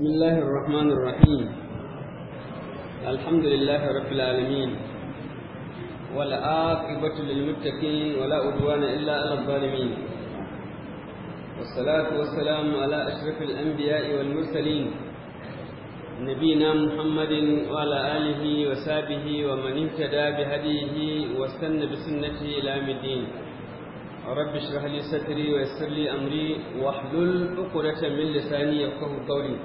بسم الله الرحمن الرحيم الحمد لله رب العالمين والعاقبة للمتقين ولا عدوان إلا على الظالمين والصلاة والسلام على أشرف الأنبياء والمرسلين نبينا محمد وعلى آله وصحبه ومن اهتدى بهديه واستنى بسنته إلى يوم الدين رب اشرح لي صدري ويسر لي أمري واحلل عقدة من لساني يفقه قولي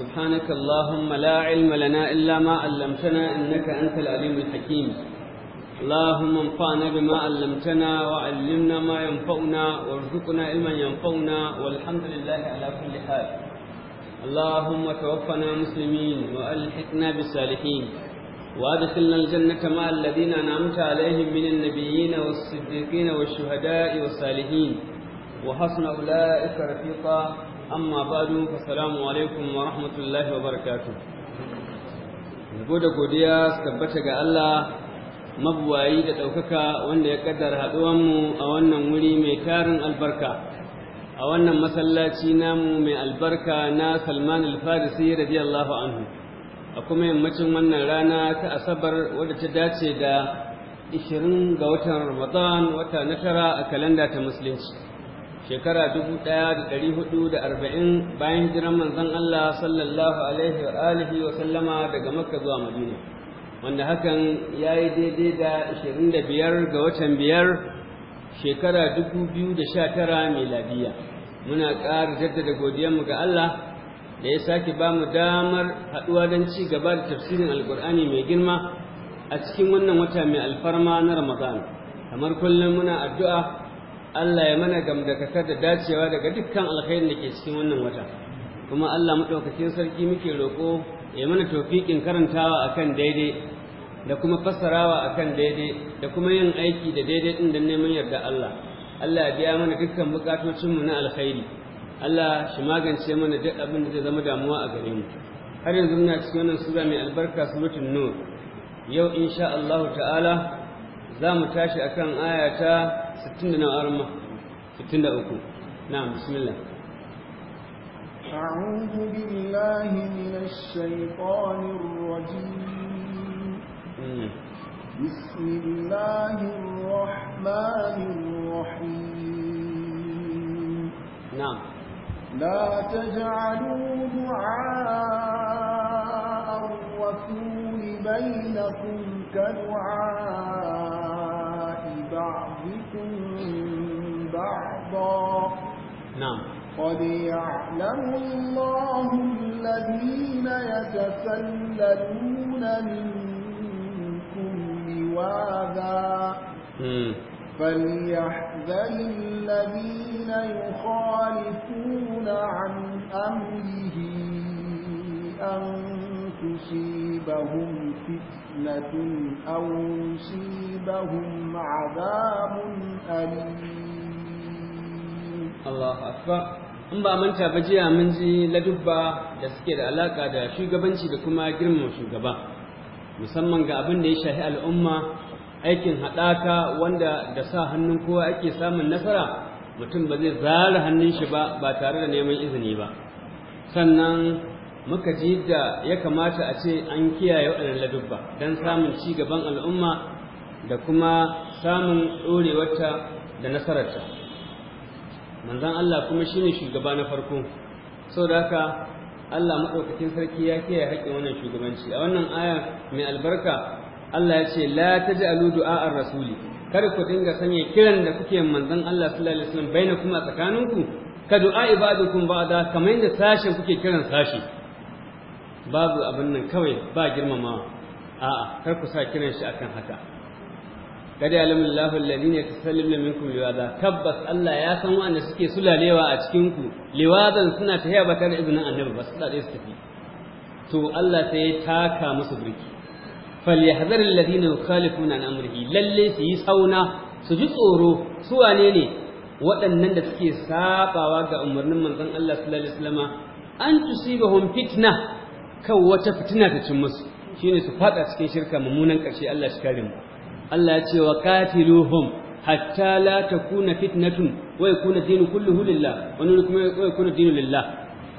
سبحانك اللهم لا علم لنا إلا ما علمتنا إنك أنت العليم الحكيم اللهم انفعنا بما علمتنا وعلمنا ما ينفعنا وارزقنا علما ينفعنا والحمد لله على كل حال اللهم توفنا مسلمين وألحقنا بالصالحين وادخلنا الجنة مع الذين أنعمت عليهم من النبيين والصديقين والشهداء والصالحين وحسن أولئك رفيقا amma ba'du assalamu alaikum wa rahmatullahi wa barakatuh yabo da godiya su tabbata ga Allah mabuwayi da ɗaukaka wanda ya kaddara haɗuwanmu a wannan wuri mai tarin albarka a wannan masallaci namu mai albarka na Salman al-Farisi radiyallahu anhu a kuma yammacin wannan rana ta asabar wadda ta dace da 20 ga watan Ramadan wata na tara a kalanda ta musulunci shekara dubu ɗaya da ɗari hudu da arba'in bayan jiran manzon Allah sallallahu alaihi wa alihi wa sallama daga Makka zuwa Madina wanda hakan ya yi daidai da ashirin da biyar ga watan biyar shekara dubu biyu da sha tara miladiya muna ƙara jaddada godiyarmu ga Allah da ya sake ba mu damar haɗuwa don ci gaba da tafsirin alƙur'ani mai girma a cikin wannan wata mai alfarma na Ramadan kamar kullum muna addu'a Allah ya mana gamdakatar da dacewa daga dukkan alkhairin da ke cikin wannan wata kuma Allah madaukakin sarki muke roko ya mana tofikin karantawa akan daidai da kuma fassarawa akan daidai da kuma yin aiki da daidai din da neman yarda Allah Allah ya biya mana dukkan bukatocinmu na alkhairi Allah shi magance mana duk abin da zai zama damuwa a gare mu har yanzu muna cikin wannan sura mai albarka suratul nur yau insha Allah ta'ala za mu tashi akan aya ta ستين دنا أرمى ستين أكو نعم بسم الله أعوذ بالله من الشيطان الرجيم بسم الله الرحمن الرحيم نعم لا تجعلوا دعاء الرسول بينكم كدعاء بعضكم بَعْضُكُمْ بَعْضًا نعم قد يعلم الله الذين يتسللون منكم لواذا فليحذر الذين يخالفون عن أمره أن تصيبهم فتنة فتنة أو يصيبهم عذاب أليم الله أكبر in ba manta ba jiya mun ji ladubba da suke da alaka da shugabanci da kuma girmama shugaba musamman ga abin da ya shafi al'umma aikin haɗaka wanda da sa hannun kowa ake samun nasara mutum ba zai zara hannun shi ba ba tare da neman izini ba sannan muka ji da ya kamata a ce an kiyaye waɗannan ladubba don samun ci gaban al'umma da kuma samun ɗorewarta da nasararta manzan Allah kuma shine shugaba na farko sau da haka Allah maɗaukakin sarki ya kiyaye haƙƙin wannan shugabanci a wannan aya mai albarka Allah ya ce la alu du'a'ar rasuli Kar ku dinga sanya kiran da kuke manzan Allah sallallahu alaihi wasallam bainakum a tsakaninku ka du'a ibadukum ba'da kamar yadda sashen kuke kiran sashi babu abin nan kawai ba girmamawa a'a kar ku sa kiran shi akan haka kada ya lamun lahu alladhina minkum liwada tabbas Allah ya san wanda suke sulalewa a cikin ku liwadan suna ta ba tare izinin annabi ba su da su tafi to Allah sai ya taka musu birki falyahdhar alladhina yukhalifuna an amrihi lalle su yi tsauna, su ji tsoro su wane ne waɗannan da suke sabawa ga umarnin manzon Allah sallallahu alaihi wasallama an tusibahum fitna kan wata fitina ta cin musu shine su fada cikin shirka mummunan ƙarshe Allah shi kare mu Allah ya ce wa qatiluhum hatta la takuna fitnatun wa yakuna dinu kulluhu lillah wa kuma wa yakuna dinu lillah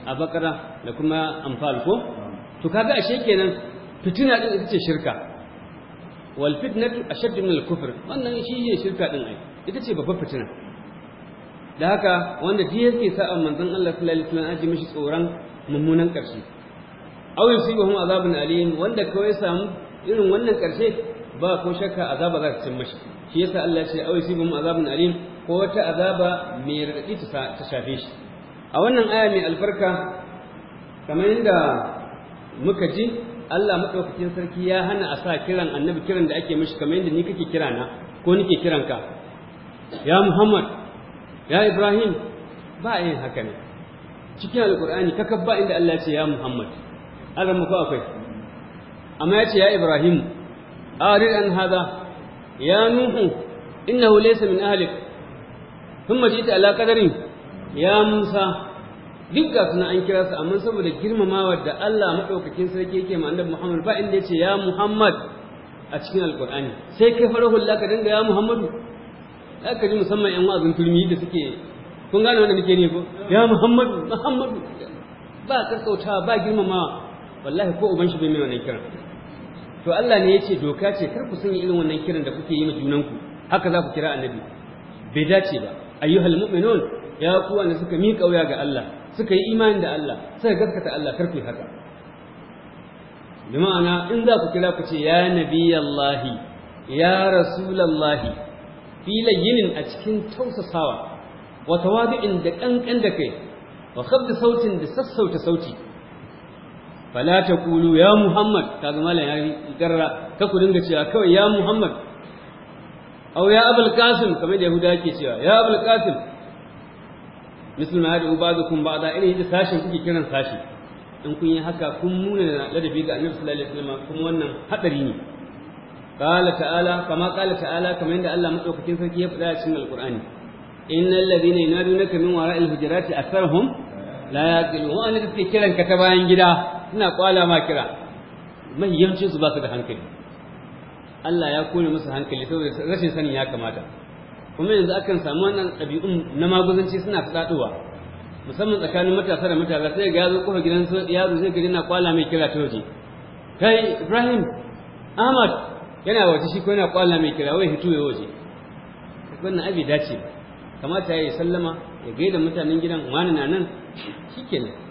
a bakara da kuma amfal ko to kaga ashe kenan fitina din ita ce shirka wal fitnatu ashaddu min al kufr wannan shi ne shirka din ai ita ce babbar fitina da haka wanda duk yake sa'an manzon Allah sallallahu alaihi wasallam aji mishi tsoron mummunan ƙarshe. aw yusibuhum azabun alim wanda kawai samu irin wannan karshe ba ko shakka azaba za ta cin mashi shi yasa Allah ya ce aw yusibuhum azabun alim ko wata azaba mai radadi ta shafe shi a wannan aya mai albarka kamar yadda muka ji Allah madaukakin sarki ya hana a sa kiran annabi kiran da ake mishi kamar yadda ni kake kira na ko nake kiranka ya Muhammad ya Ibrahim ba yin haka ne cikin alqur'ani kakabba inda Allah ce ya Muhammad an ramu ko akwai amma yace, ya ibrahim arid an hada ya nuhu innahu laysa min ahlik thumma jita ala qadarin ya musa duk ga suna an kira su amma saboda girmamawar da Allah madaukakin sarki yake ma annabi Muhammad ba inda yace ya Muhammad a cikin alqur'ani sai kai fara hulla ka dinga ya Muhammadu aka ji musamman yan wazin turmi da suke kun gane wanda nake ne ko ya Muhammadu Muhammadu ba karkauta ba girmamawa wallahi ko uban shi bai mai wannan kiran to Allah ne yace doka ce kar ku sanya irin wannan kiran da kuke yi ma junanku haka za ku kira annabi bai dace ba ayyuhal mu'minun ya ku wanda suka miƙa wuya ga Allah suka yi imani da Allah suka gaskata Allah kar ku haka bi ma'ana in za ku kira ku ce ya nabiyallahi ya rasulallahi fi layyinin a cikin tausasawa wa tawadu'in da kankan da kai wa da sautin da sassauta sauti fala ta Kulu ya muhammad kaga malam ya garra ka ku dinga cewa kawai ya muhammad aw ya abul qasim kamar da yahuda yake cewa ya abul qasim misal ma yadu ba'dukum ba'da irin da sashin kuke kiran sashi in kun yi haka kun nuna ladabi ga annabi sallallahu alaihi wasallam kuma wannan hadari ne qala ta'ala kama qala ta'ala kamar yadda Allah madaukakin sarki ya faɗa a cikin alqur'ani innal ladina yanadunaka min wara'il hujurati asarhum la yaqilun wa an suke kiran ka ta bayan gida suna kwala ma kira yancin su ba su da hankali Allah ya kone musu hankali saboda rashin sani ya kamata kuma yanzu akan samu wannan ɗabi'un na maguzanci suna faɗaɗowa musamman tsakanin matasa da matasa sai ga yazo kofar gidan su yazo zai gari na kwala mai kira ta waje kai Ibrahim Ahmad yana waje shi ko yana kwala mai kira wai hito ya waje wannan abi dace kamata ya yi sallama ya gaida mutanen gidan wani na nan shikenan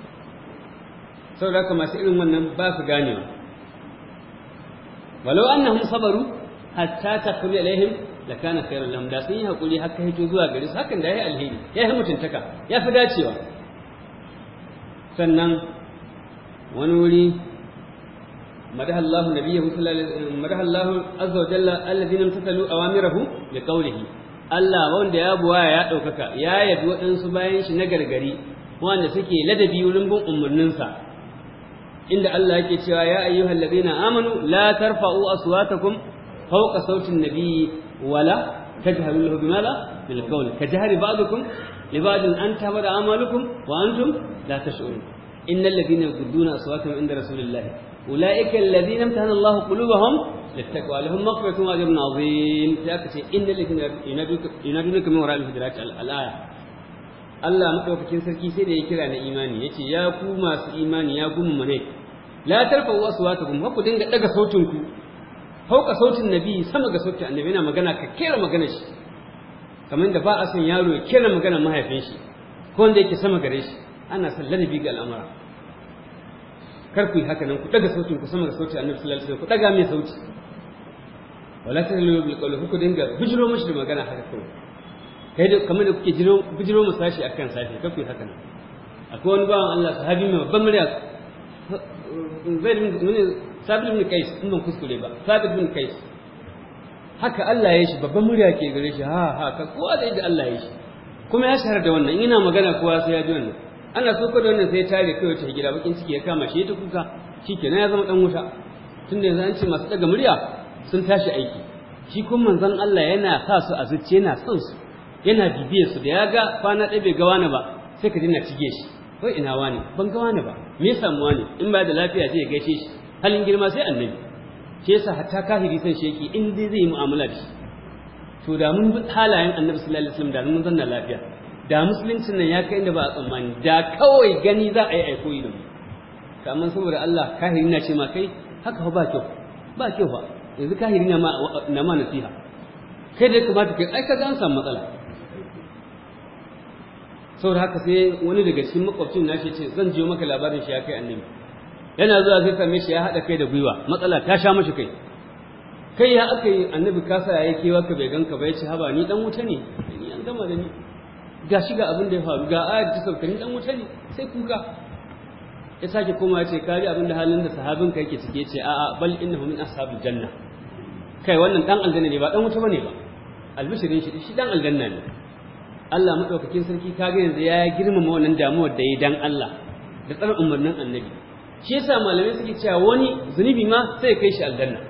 saboda haka masu irin wannan ba su ganewa walau annahum sabaru hatta ta taqbi alaihim da kana khairan lahum da sun yi hakuri har ka hito zuwa gari su hakan da ya yi alheri yi mutuntaka ya fi dacewa sannan wani wuri مدح الله نبيه صلى الله عليه وسلم مدح الله عز Allah wanda ya buwa ya ɗaukaka ya yabi waɗansu bayan shi na gargari wanda suke ladabi wurin bin umarninsa inda Allah yake cewa ya ayyuhal ladina amanu la tarfa'u aswatakum fawqa sautin nabiyyi wala tajharu lahu bima la bil qawl kajhari ba'dukum li ba'din an tahbada amalukum wa antum la tash'urun innal ladina yuqduna aswatahum inda rasulillahi ulaika alladhina imtahana Allahu qulubahum للتقوى لهم مغفرة وأجر عظيم ذاك إن الذين ينادونك من وراء الهجرات الآية Allah maɗaukakin sarki sai da ya kira na imani ya ce ya ku masu imani ya ku mummune la wa aswatakum wa ku dinga daga sautin ku fauka sautin nabi sama ga sautin annabi yana magana ka kera magana shi kamar da ba a son yaro ya kera magana mahaifin shi ko wanda yake sama gare shi ana sallan nabi ga al'amura kar ku yi haka nan ku daga sautin ku sama ga sautin annabi sallallahu alaihi wasallam ku daga mai sauti wala ta tazlu bil qawli ku dinga bijiro mashi da magana haka ko kai da kamar da kuke jiro bijiro sashi akan safi kar ku yi haka nan akwai wani bawan Allah sahabi mai babban murya zai nuna sabit bin kais in ban kuskure ba sabit bin kais haka Allah ya shi babban murya ke gare shi ha ha ka kowa da yadda Allah ya shi kuma ya shahara da wannan ina magana kowa sai ya ji wannan ana so da wannan sai tare kai ta gida bakin ciki ya kama shi ta kuka shikenan ya zama dan wuta tunda yanzu an ce masu daga murya sun tashi aiki shi kuma manzon Allah yana sa su a zuciya yana son su yana bibiyar su da ya ga kwana ɗaya bai ga wani ba sai ka dina cige shi wai ina wani ban ga wani ba me ya samu wani in ba da lafiya sai ya gaishe shi halin girma sai annabi shi yasa hatta kafiri san sheki in dai zai yi mu'amala da shi to da mun halayen annabi sallallahu alaihi wasallam da mun zanna lafiya da musulunci nan ya kai inda ba a tsammani da kawai gani za a yi aiko yi da kamar saboda Allah kafiri na ce ma kai haka ba kyau ba kyau ba yanzu kafiri na ma nasiha kai da kamata kai ai ka ga an samu matsala saboda haka sai wani daga cikin makwabcin nashi ce zan jiyo maka labarin shi ya kai annabi yana zuwa zai same shi ya haɗa kai da gwiwa matsala ta sha mashi kai kai ya aka yi annabi kasa ya yi kewa ka bai ganka ba ya ce haba ni dan wuta ne ni an gama da ni ga shi ga abin da ya faru ga ayar ta sauka ni dan wuta ne sai kuka ya sake koma ya ce ka ji abin da halin da sahabin ka yake ciki ya ce a'a bal innahu min ashabil janna kai wannan dan aljanna ne ba dan wuta bane ba albishirin shi shi dan aljanna ne Allah madaukakin sarki kaga yanzu ya girmama wannan damuwar da yi dan Allah da tsarin umarnin annabi shi yasa malamai suke cewa wani zunubi ma sai kai shi aljanna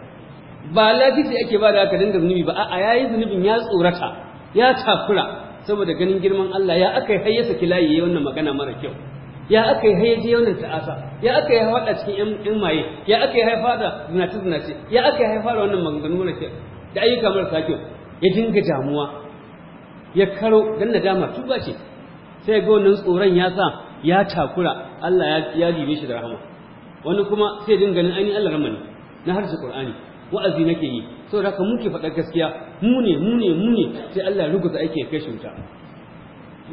ba sai ake ba da aka dinga zunubi ba a'a yayi zunubin ya tsorata ya tafura saboda ganin girman Allah ya aka har ya saki layi wannan magana mara kyau ya aka yi hayaji wannan ta'asa ya aka yi haɗa cikin 'yan maye ya aka yi haifa da zinace zinace ya aka yi haifa wannan maganganu mara kyau da ayyuka marasa kyau ya dinga damuwa ya karo dan nadama ba ce sai ga wannan tsoron ya sa ya takura Allah ya jibe shi da rahama wani kuma sai din ganin ainihin Allah rahama ne na harshe Qur'ani wa'azi nake yi da haka muke faɗa gaskiya mu ne mu ne mu ne sai Allah ya ruguza ake kai shi wuta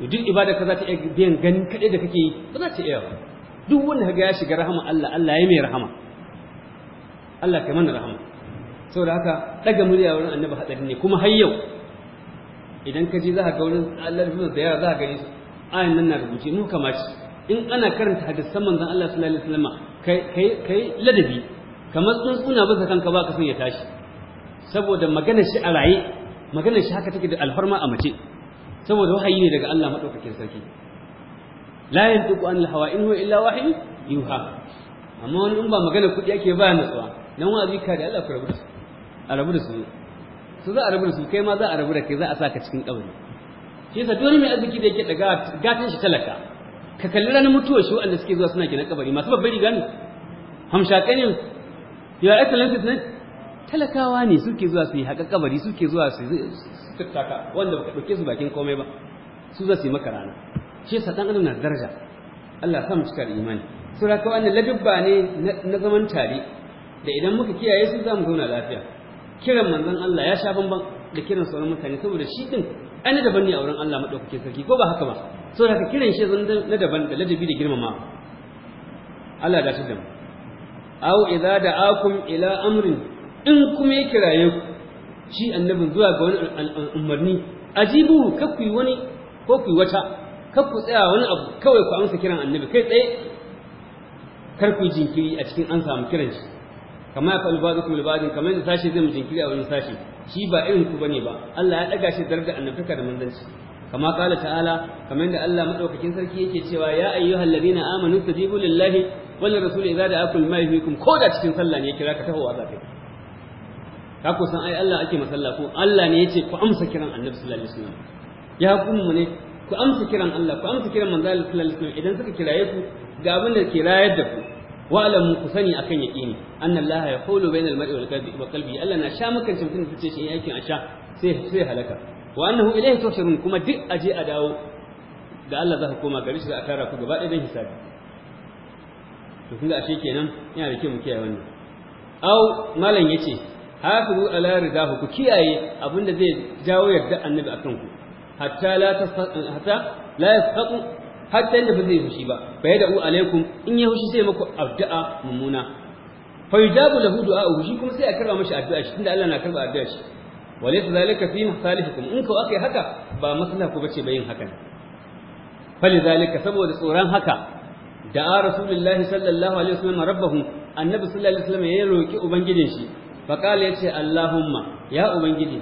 duk ibada ka za ta iya biyan ganin kaɗai da kake yi ba za ta iya ba duk wanda ga ya shiga rahama Allah Allah ya mai rahama Allah kai mana rahama saboda haka daga murya wurin annabi hadari ne kuma har yau idan ka ji za ka ga wurin lafiyar da yawa za ka gani ayin nan na rubuce nuka mace in ana karanta hadisan zan Allah sallallahu alaihi wasallam kai kai ladabi kamar tsuntsuna bisa kanka ba ka son ya tashi saboda magana shi a raye magana shi haka take da alfarma a mace saboda wahayi ne daga Allah madaukakin sarki la yantiqu an hawa in huwa illa wahyu yuha amma wani in ba magana kudi ake ba nutsuwa nan wazi ka da Allah ku rabu da su a rabu da su su za a rabu da su kai ma za a rabu da kai za a saka cikin kabari shi yasa dole mai arziki da yake daga gatan shi talaka ka kalli ranar mutuwar shi wanda suke zuwa suna gina kabari masu babbar riga ne hamshakai ne ya excellences ne talakawa ne suke zuwa su yi haka kabari suke zuwa su tattaka wanda baka ɗauke su bakin komai ba su za su yi maka rana shi yasa ɗan adam na daraja Allah sa mu cika da imani sura ka wannan ladubba ne na zaman tare da idan muka kiyaye su za mu zauna lafiya kiran manzon Allah ya sha bamban da kiran sauran mutane saboda shi din ai da daban ne a wurin Allah madaukakin sarki ko ba haka ba saboda haka kiran shi zan na daban da ladabi da girmama Allah da tudum aw idza da'akum ila amrin in kuma ya kiraye ku shi annabi zuwa ga wani umarni ajibu kakku wani ko ku wata ku tsaya wani abu kawai ku amsa kiran annabi kai tsaye kar ku jinkiri a cikin an samu kiran shi kama ya falu ba'dukum li ba'din kamar da sashi zai mutum kiri a wurin sashi shi ba irin ku bane ba Allah ya daga shi darajar annabtaka da manzanci kama kala ta'ala kamar da Allah madaukakin sarki yake cewa ya ayyuhal ladina amanu tajibu lillahi wal rasul idza da'akum ma yuhyikum ko da cikin sallah ne ya kira ka tahowa za ka yi ka ku san ai Allah ake masalla ko Allah ne yace ku amsa kiran annabi sallallahu alaihi wasallam ya kuma ne ku amsa kiran Allah ku amsa kiran manzo sallallahu alaihi wasallam idan suka kiraye ku ga abin da ke rayar da ku mu ku sani akan yaqini anna allaha yahulu bainal mar'i wal qalbi wa qalbi allah na sha makance mutum da tace shi yakin a sha sai sai halaka wa annahu ilayhi tuhsharun kuma duk aje a dawo da Allah za ka koma gari shi za a tara ku gaba ɗaya don hisabi to kun ga ashe kenan yana da kyau mu kiyaye wannan au malam yace hafizu ala ridahu ku kiyaye abin da zai jawo yarda annabi akan ku hatta la hatta la yasqatu hatta inda ba zai fushi ba fa yad'u alaikum in ya fushi sai muku addu'a mumuna fa yujabu lahu du'a'uhu shi kuma sai a karba mashi addu'a shi tunda Allah na karba addu'a shi walis zalika fi masalihikum in ka akai haka ba masala ku bace bayin hakan falizalika saboda tsoron haka da'a rasulullahi sallallahu alaihi wasallam rabbahu annabi sallallahu alaihi wasallam ya roki ubangijin shi fa qala yace allahumma ya ubangiji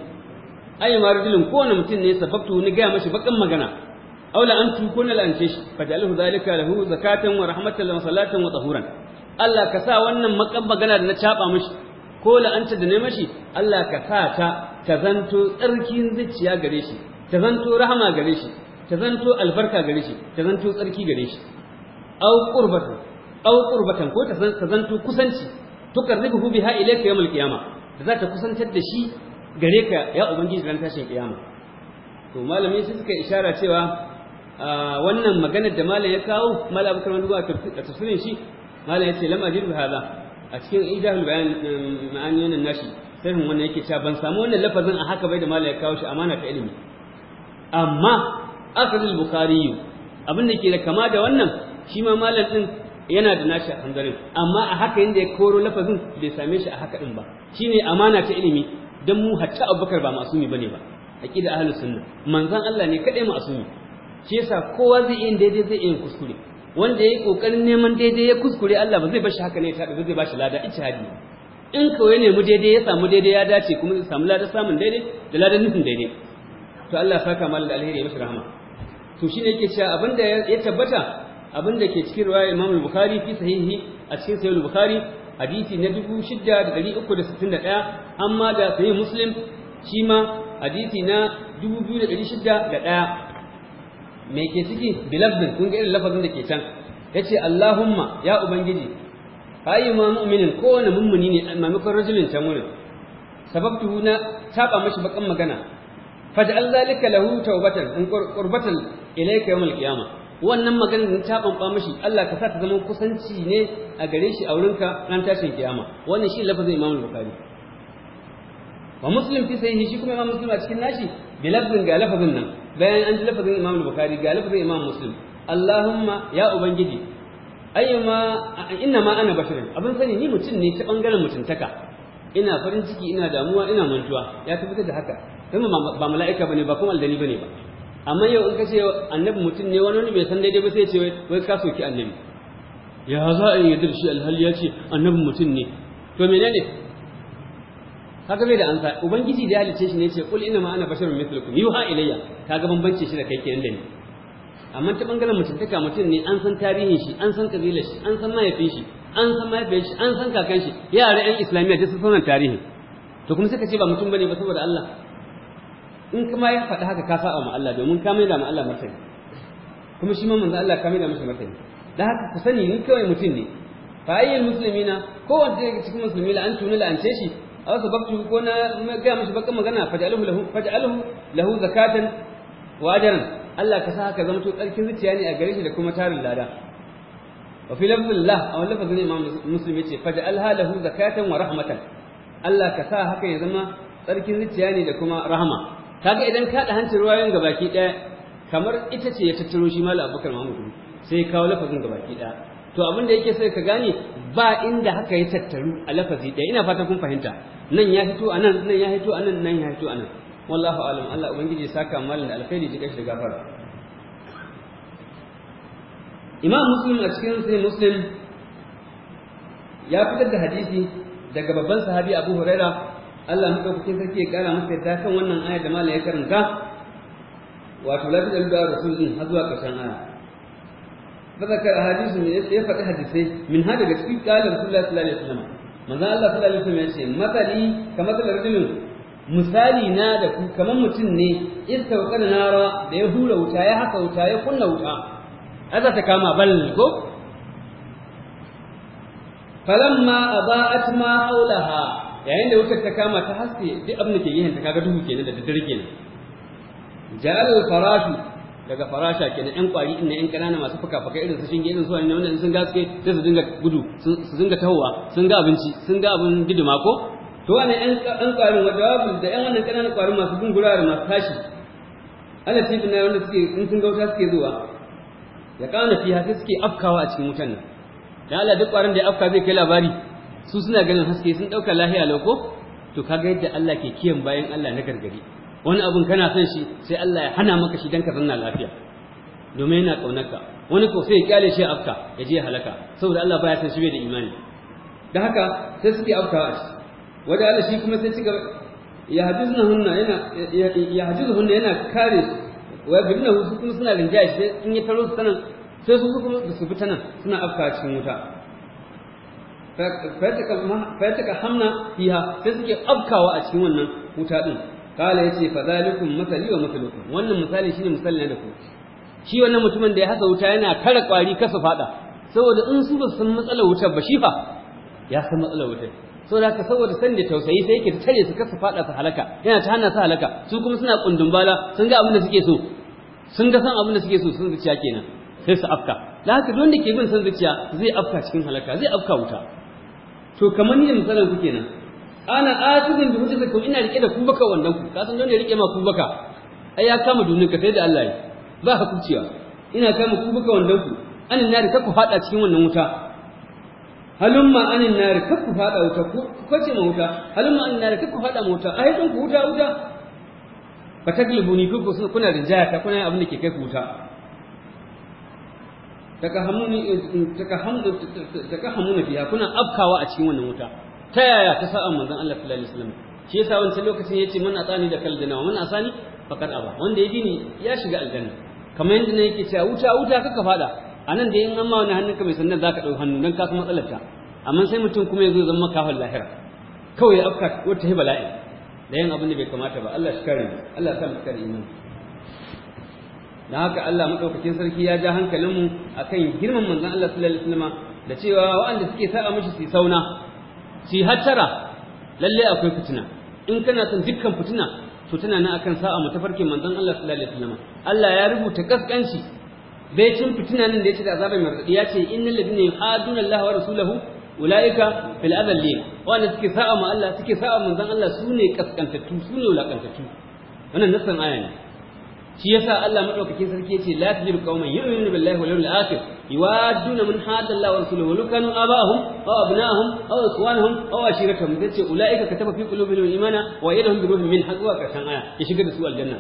ai ma kowane mutum ne sababtu ni ga mashi bakan magana aw la'antu kuna la'ance shi fajalhu zalika lahu zakatan wa rahmatan wa salatan wa tahuran Allah ka sa wannan makan magana da na caba mishi ko la'anta da ne mashi Allah ka sa ta ta zanto tsarkin zuciya gare shi ta zanto rahama gare shi ta zanto albarka gare shi ta zanto tsarki gare shi aw qurbatan aw qurbatan ko ta zanto kusanci tukarribuhu biha ilayka yawm al-qiyamah da za ta kusantar da shi gare ka ya ubangiji ran tashin kiyama to malami sai suka ishara cewa wannan maganar da malam ya kawo malam karmar zuwa a tafsirin shi malam ya ce lam ajidu hadha a cikin ijahul bayan um, ma'aniyan nashi Sai wannan yake cewa ban samu wannan lafazin a haka bai da malam ya kawo shi amana ta ilimi amma Asirin bukhari abin da ke da kama da wannan shi ma malam din yana da nashi a hanzarin amma a haka inda ya koro lafazin bai same shi a haka din ba shine amana ta ilimi dan mu hatta abubakar ba masumi bane ba aqida ahlus sunna manzon Allah ne kadai masumi shi kowa zai iya daidai zai iya kuskure wanda ya yi kokarin neman daidai ya kuskure Allah ba zai bashi haka ne ta ba zai bashi lada lada in kawai ne mu daidai ya samu daidai ya dace kuma zai samu lada samun daidai da ladan nufin daidai to Allah saka mal da alheri ya bashi rahama to shine yake cewa abinda ya tabbata abinda ke cikin riwaya Imam al-Bukhari fi sahihi a cikin sahihul bukhari hadisi na 6361 amma da sahih Muslim shi ma hadisi na 2601 me ke ciki bilafzin kun ga irin lafazin da ke can Ya ce, Allahumma ya ubangiji yi ma mu'minin kowane mummuni ne maimakon rajulin can wurin sababtu na saba mashi bakan magana faj'al zalika lahu tawbatan in qurbatan ilayka yawm al-qiyamah wannan maganar da ta mashi Allah ka sa ta zama kusanci ne a gare shi a wurinka ran tashin kiyama wannan shi lafazin Imam Bukhari wa Muslim fi sahihi shi kuma Imam Muslim a cikin nashi bi lafzin ga lafazin nan bayan an ji lafazin imam bukhari ga lafazin imam muslim allahumma ya ubangiji ayyuma inna ma ana bashirin abin sani ni mutum ne ta bangaren mutuntaka ina farin ciki ina damuwa ina mantuwa ya tabbatar da haka kuma ba mala'ika bane ba kuma aldani bane ba amma yau in kace annabi mutum ne wani bai san daidai ba sai ce wai ka soki annabi ya za a yi dirshi alhali ya ce annabi mutum ne to menene haka bai da ansa ubangiji da ya halice shi ne ce kul inna ma ana basharun mithlukum yuha ilayya Ka ga bambanci shi da kai kenan da ni amma ta bangaren mutuntaka mutum ne an san tarihin shi an san kabilar shi an san mahaifin shi an san mahaifin shi an san kakan shi yara yan islamiyya da sun sanar tarihin to kuma suka ce ba mutum bane ba saboda Allah in kuma ya faɗi haka ka saba ma Allah domin ka maida ma Allah martani kuma shi ma manzo Allah ka maida masa martani dan haka ku sani ni kawai mutum ne fa ayyul muslimina kowace daga cikin musulmi la an la ance ce shi aw sababtu ko na ga mishi bakan magana faj'alhu lahu lahu zakatan wajaran Allah ka sa haka to tsarkin zuciya ne a gare shi da kuma tarin lada wa fi la a wani lafazin imam muslim yace faja alhalahu zakatan wa rahmatan Allah ka sa haka ya zama tsarkin zuciya ne da kuma rahama kaga idan ka da hancin ruwayoyin gabaki daya kamar ita ce ya tattaro shi malam abubakar mahmud sai kawo lafazin gabaki daya to abin da yake sai ka gane ba inda haka ya tattaru a lafazi daya ina fata kun fahimta nan ya fito anan nan ya fito anan nan ya fito anan wallahu alam Allah ubangiji ya saka malin da alkhairi ji kashi da gafara Imam Muslim a cikin sai Muslim ya fitar da hadisi daga babban sahabi Abu Huraira Allah madaukakin sarki ya kara masa yadda kan wannan aya da malam ya karanta wato la tadallu da rasulun har zuwa karshen aya fadakar hadisin ya faɗi hadisai min hada daga cikin qala rasulullahi sallallahu alaihi wasallam manzo Allah sallallahu alaihi wasallam ya ce matsali ka matsalar rajulin misali na da ku kamar mutum ne iska wuka na rawa da ya hura wuta ya haka wuta ya kunna wuta a za ta kama bal ko falamma aba'at atma haulaha yayin da wutar ta kama ta haske duk abin da ke yin ta kaga duhu kenan da daddare kenan ja'al farashu daga farasha kenan yan kwari inda yan kanana masu fuka-fuka irin su shinge irin su wannan sun gaske sai su dinga gudu su dinga tahowa sun ga abinci sun ga abin gidima ko to wani yan ɗan ƙwarin wa jawabin da yan wannan ƙananan ƙwarin masu bin gurare masu tashi ana cikin na wanda suke in sun gauta suke zuwa ya kana fi haske suke afkawa a cikin wutan nan dan Allah duk ƙwarin da ya afka zai kai labari su suna ganin haske sun ɗauka lahiya lauko to kaga yadda Allah ke kiyan bayan Allah na gargadi wani abun kana son shi sai Allah ya hana maka shi dan ka zanna lafiya domin yana ka. wani ko sai ya kyale shi afka ya je halaka saboda Allah baya son shi bai da imani da haka sai suke afkawa a wajen Allah shi kuma sai cika ya hajjizna hunna yana ya hunna yana kare su wa yabinna su kuma suna rinjaya shi in ya taro su tanan sai su kuma su fita nan suna afka cikin wuta fayyataka hamna fiha sai suke afkawa a cikin wannan wuta din kala yace fa zalikum masali wa masalukum wannan misali shine misali da ku shi wannan mutumin da ya hasa wuta yana kare kwari kasa fada saboda in su ba san matsalar wutar ba shi fa ya san matsalar wutar Sau da saboda san da tausayi sai yake tare su kasa fada su halaka yana ta hana su halaka su kuma suna kundun bala sun ga abin da suke so sun ga san abin da suke so sun zuciya kenan sai su afka da haka duk wanda ke bin san zuciya zai afka cikin halaka zai afka wuta to kamar ni da misalan ku kenan ana atibin bi hujjatikum ina rike da baka wannan ku ka san don ne rike ma baka ai ya kama dunin ka sai da Allah ya ba kuciya ina kama baka wannan ku an na da ku fada cikin wannan wuta halun anin nari kar ku fada wuta ku kace ma wuta halun anin nari kar ku fada ma wuta ai kun ku wuta wuta fa ni ku kusa kuna da jaya kuna abin da ke kai ku wuta takahamuni takahamu hamuni fiya kuna afkawa a cikin wannan wuta ta yaya ta sa'a manzon Allah sallallahu alaihi wasallam shi yasa wancan lokacin yace man atsani da kaldana wa man asani faqad aba wanda ya bi ni ya shiga aljanna kamar yadda nake cewa wuta wuta kaka fada a nan da in an ma wani hannun hannunka mai sandan za ka ɗau hannu don ka san matsalarta amma sai mutum kuma ya zo zama kafin lahira kawai ya afka wata hiba la'i da yin abin da bai kamata ba Allah shi kare mu Allah ya sa mu kare imani dan haka Allah madaukakin sarki ya ja hankalinmu akan girman manzon Allah sallallahu alaihi wasallam da cewa waɗanda suke sa'a mishi su sauna su hattara lalle akwai fitina in kana son dukkan fitina to tana nan akan sa'a mu tafarkin manzon Allah sallallahu alaihi wasallam Allah ya rubuta kaskanci baitin fitina nan da ya ce da azabar mai raɗaɗi ya ce innal ladina yuhaduna Allah wa rasulahu ulaika fil adallin wanda suke sa'a ma Allah suke sa'a manzon Allah sune kaskantattu sune wulakantattu wannan nassan aya ne shi yasa Allah madaukakin sarki yace la tajidu qauman yu'minuna billahi wal yawmil akhir yuwadduna man hada Allah wa rasuluhu wa kanu Abahum aw abna'ahum aw ikhwanahum aw ashiratahum yace ulaika kataba fi qulubihim al-imana wa yadahum bi ruhin min haqqa kashan aya ya shiga da su aljanna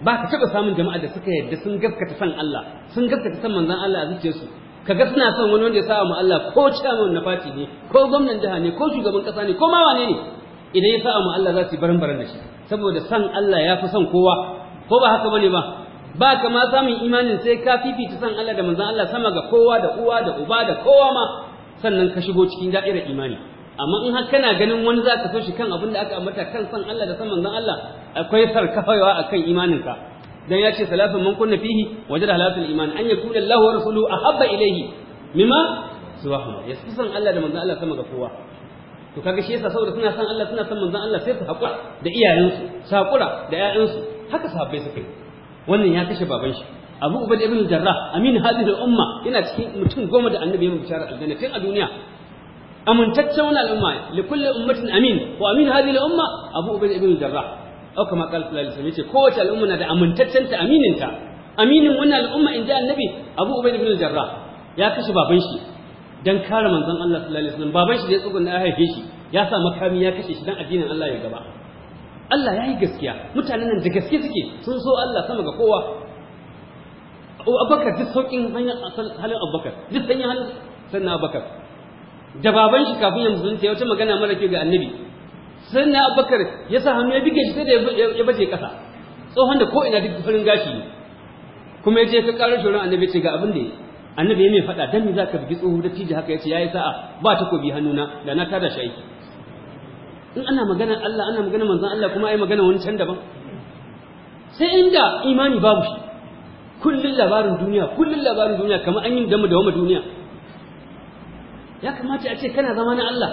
ba ka taɓa samun jama'a da suka yadda sun gaskata san Allah sun gaskata san manzan Allah a zuciyarsu kaga suna son wani wanda ya sa'a ma Allah ko chairman na fati ne ko gwamnan jiha ne ko shugaban kasa ne ko ma wane ne idan ya sa'a ma Allah za su yi baran baran da shi saboda san Allah ya fi son kowa ko ba haka bane ba ba ka ma samun imanin sai ka fifita san Allah da manzan Allah sama ga kowa da uwa da uba da kowa ma sannan ka shigo cikin da'irar imani amma in har kana ganin wani za ka so shi kan abin da aka ambata kan san Allah da san manzon Allah akwai sarkafawa akan imaninka dan ya ce salatun man kunna fihi wajada halatul iman an yakuna Allah wa rasuluhu ahabba ilayhi mimma subhanahu ya san Allah da manzon Allah sama ga kowa to kaga shi yasa saboda suna san Allah suna san manzon Allah sai su hakura da iyayensu su hakura da ƴaƴansu haka sahabbai suka yi wannan ya kashe baban shi Abu Ubaid ibn Jarrah amin hadhihi al-umma yana cikin mutum goma da annabi ya bishara aljanna tun a duniya amintaccen al'umma li kulli ummatin amin wa amin hadhihi al-umma abu ubayd ibn jarrah aw kama qala sallallahu alaihi wasallam yace kowace al'umma na da amintaccen ta aminin ta aminin wannan al'umma inda annabi abu ubayd ibn jarrah ya kashe baban shi dan kare manzon Allah sallallahu alaihi wasallam baban shi da ya tsugunna ya haife shi ya sa makami ya kashe shi dan addinin Allah ya gaba Allah ya yi gaskiya mutanen nan da gaske suke sun so Allah sama ga kowa bakar duk saukin hanyar halin bakar, duk sanyin hannu sannan Abubakar da baban shi kafin ya musulunta ya wata magana mara ke ga annabi sai na abubakar ya sa hannu ya bige shi sai da ya baje kasa tsohon da ko'ina duk farin gashi kuma ya je ka karar shoron annabi ce ga abin da annabi ya mai faɗa dan me zaka bigi tsoho da tiji haka yace yayi sa'a ba takobi hannuna da na tada shi aiki in ana magana Allah ana magana manzon Allah kuma ai magana wani can daban sai inda imani babu shi kullun labarin duniya kullun labarin duniya kamar an yi damu da wama duniya ya kamata a ce kana zama na Allah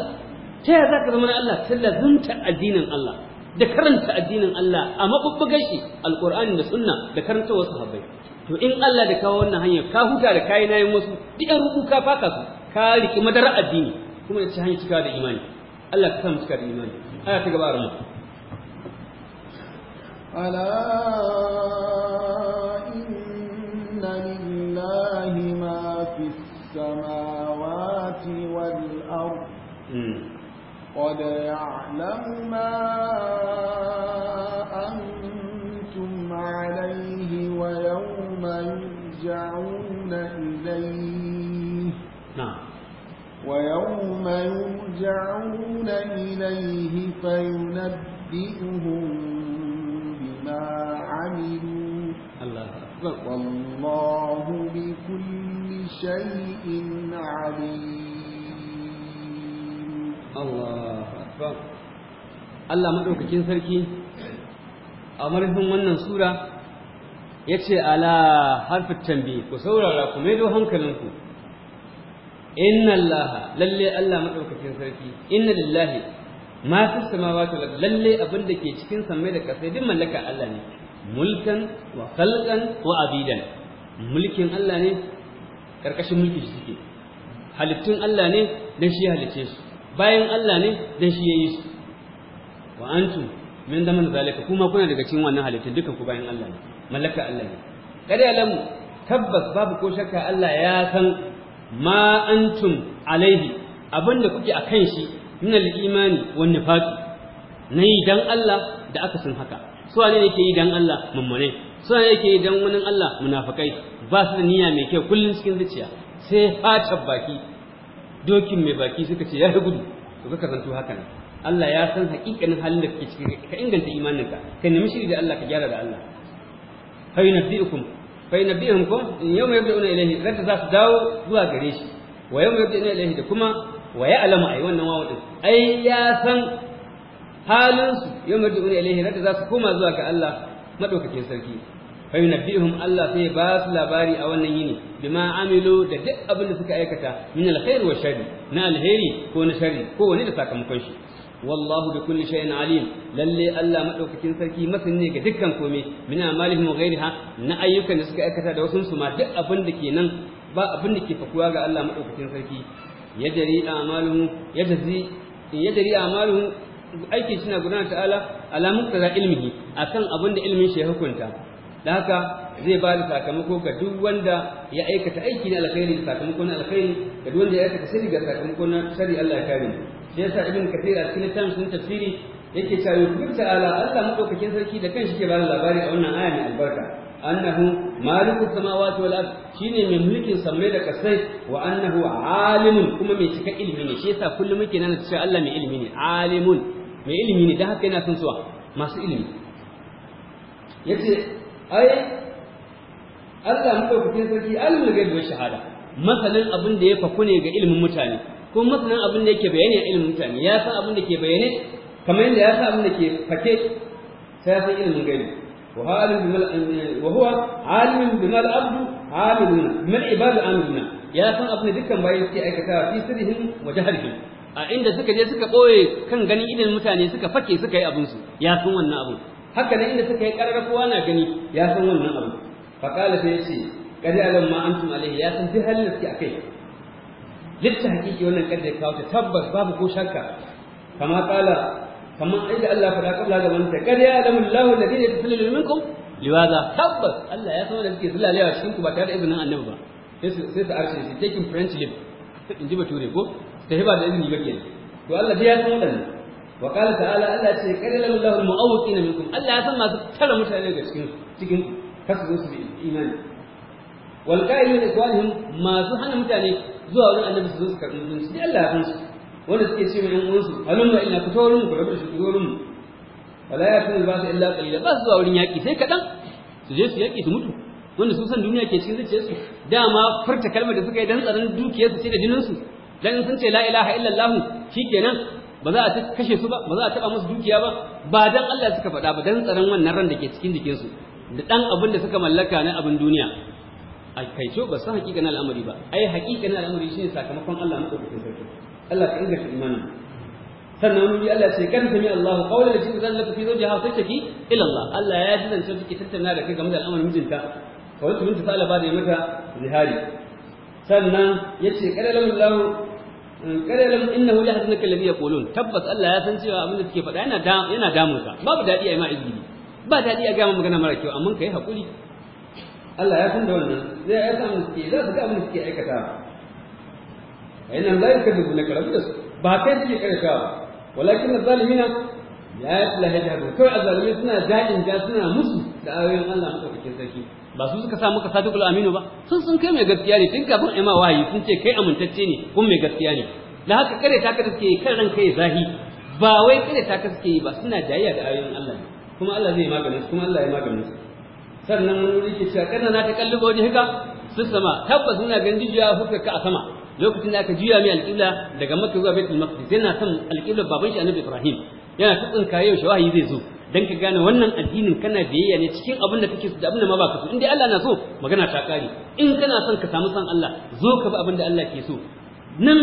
ta yaya ka zama na Allah ta lazumta addinin Allah da karanta addinin Allah a mabubbugar shi Alƙur'ani da sunna da karanta wasu to in Allah da kawo wannan hanyar ka huta da kayi nayin wasu duk an ruku ka faka su ka riki madara addini kuma da ci hanyar cika da imani Allah ka samu cika da imani aya ta gaba a قد يعلم ما أنتم عليه ويوم يرجعون إليه نعم ويوم يرجعون إليه فينبئهم بما عملوا الله والله بكل شيء عليم Allah maɗaukakin sarki a marfin wannan sura ya ce ala harfin tambi ku saurara ku maido hankalinku inna allaha lalle Allah maɗaukakin sarki inna lillahi ma fi ba ta lalle abin da ke cikin samai da kasai din mallaka Allah ne mulkan wa khalqan wa abidan mulkin Allah ne karkashin mulki shi suke halittun Allah ne dan shi halicce su bayan Allah ne dan shi yayi su wa min zaman zalika kuma kuna daga cikin wannan halitta dukan ku bayan Allah ne mallaka Allah ne kada ya lamu tabbas babu ko shakka Allah ya san ma antum alaihi abinda kuke akan shi min al-imani wan nifaq nayi dan Allah da aka san haka su ne yake yi dan Allah mummune su ne yake yi dan wani Allah munafikai ba su da niyya mai kyau kullun cikin zuciya sai fatan baki dokin mai baki suka ce ya yi gudu to ka zanto haka ne Allah ya san hakikanin halin da kake ciki ka inganta imaninka ka nemi shiri da Allah ka gyara da Allah fa yunabbi'ukum fa yunabbi'uhum kum yawma yabda'una ilayhi ranta za su dawo zuwa gare shi wa yawma yabda'una ilayhi da kuma wa ya'lamu ai wannan wawu din ai ya san halin su yawma yabda'una ilayhi ranta za su koma zuwa ga Allah madaukakin sarki fa bihum Allah sai ba su labari a wannan yini bima amilu da duk abin da suka aikata min alkhair wa sharri na alheri ko na sharri ko wani da sakamakon shi wallahu bi kulli shay'in alim lalle Allah madaukakin sarki masan ne ga dukkan komai min amalihim wa ghairiha na ayyukan da suka aikata da wasu su ma duk abin da ke nan ba abin da ke fakuwa ga Allah madaukakin sarki yajri amaluhu yajzi yajri amaluhu aikin shi na gudana ta'ala alamun kaza ilmihi akan abin da ilmin shi ya hukunta da haka zai ba da sakamako ga duk wanda ya aikata aiki na alkhairi da sakamakon alkhairi ga duk wanda ya aikata sirri ga sakamakon na sirri Allah ya kare shi yasa ibn kathir a cikin tan sun tafsiri yake cewa yuqul ta'ala Allah madaukakin sarki da kanshi ke ba da labari a wannan aya mai albarka annahu malikus samawati wal ard shine mai mulkin sammai da kasai wa annahu alimun kuma mai cika ilimi ne shi yasa kullum muke nan cewa Allah mai ilimi ne alimun mai ilimi ne dan haka yana son suwa masu ilimi yace ai Allah maɗaukakin sarki alimul gaibi wa shahada masalan abin da ya faku ne ga ilimin mutane ko masalan abin da yake bayani a ilimin mutane ya san abin da ke bayani kamar yadda ya san abin da ke fake sai ya san ilimin gani wa huwa alimin bima al-abdu alimuna min ibadu amiluna ya san abin da dukkan bayi suke aikatawa fi sirrihim wa jahrihim a inda suka je suka ɓoye kan ganin ilimin mutane suka fake suka yi su, ya san wannan abin haka nan inda suka yi ƙarar kowa na gani ya san wannan abu faƙala sai yace ce alam ma antum alaihi ya san duk halin akai litta hakiki wannan ƙarfi ya kawo ta tabbas babu ko shakka kama kala kama inda Allah da kabla ga wannan kadi alam Allah da yatsallu minkum liwaza tabbas Allah ya san wanda suke zulalewa alaihi ku ba tare da izinin annabi ba sai sai arshe su taking french lip in ji bature ko ta hiba da izini ba kenan to Allah ya san waɗannan wa qala ta'ala Allah ce kare Allahu al-mu'awqina minkum Allah ya san masu tara mutane daga cikin cikin kasu su bi imani wal qa'ilina ikwalihim masu hana mutane zuwa wurin annabi su zo su karɓi dinsu sai Allah ya san su wanda suke ce mai uwansu halin ma ina fito wurin ku rabu shi fito wurin wala ya kun ba illa qalila ba su zuwa wurin yaki sai kadan su je su yaki su mutu wanda su san duniya ke cikin zuciyarsu dama furta kalmar da suka yi dan tsaron dukiyarsu ce da jininsu dan sun ce la ilaha illallah shikenan ba za a kashe su ba ba za a taba musu dukiya ba ba dan Allah suka faɗa ba dan tsaron wannan ran da ke cikin jikin su da dan abin da suka mallaka na abin duniya a kai ce ba san hakikanin al'amari ba ai hakikanin al'amari shine sakamakon Allah na ɗaukakin sarki Allah ka inganta imanin sannan wani Allah ce kan sami Allah qawla lati zan laka fi sai fataki ila Allah Allah ya ji zance take tattauna da kai game da al'amarin mijinta kawai tun ta sala ba da mata zihari sannan yace qala lahu kare lam innahu yahzunka alladhi yaqulun tabbas Allah ya san cewa abin da suke faɗa yana yana damun ka babu dadi ai ma izgili ba dadi a ga mu magana mara kyau amma kai hakuri Allah ya san da wannan zai ya san suke za su ga abin da suke aikata zai ka dubu na karatu ba kai suke karkata ba walakin zalimina la yatlahi jahannam kai azalimin suna ja'in ja suna musu da ayoyin Allah madaukakin sarki ba su suka sa maka sadiqul aminu ba sun sun kai mai gaskiya ne tun kafin ima wahayi sun ce kai amintacce ne kuma mai gaskiya ne da haka kare ta kada suke yi kan ranka ya zahi ba wai kare ta kada suke yi ba suna jayayya da ayoyin Allah kuma Allah zai maganin su kuma Allah ya maganin su sannan wani wuri ke cewa na ta kalluba wajen haka su sama tabbas muna ganin jijiya huka ka a sama lokacin da aka juya mai alƙibla daga makka zuwa baitul maqdis yana son alƙiblar baban shi annabi ibrahim yana tutsin tsinkaye shi wahayi zai zo dan ka gane wannan addinin kana biyayya ne cikin abin da kake so da abin da ma ka so in dai Allah na so magana ta kare in kana son ka samu san Allah zo ka bi abin da Allah ke so nan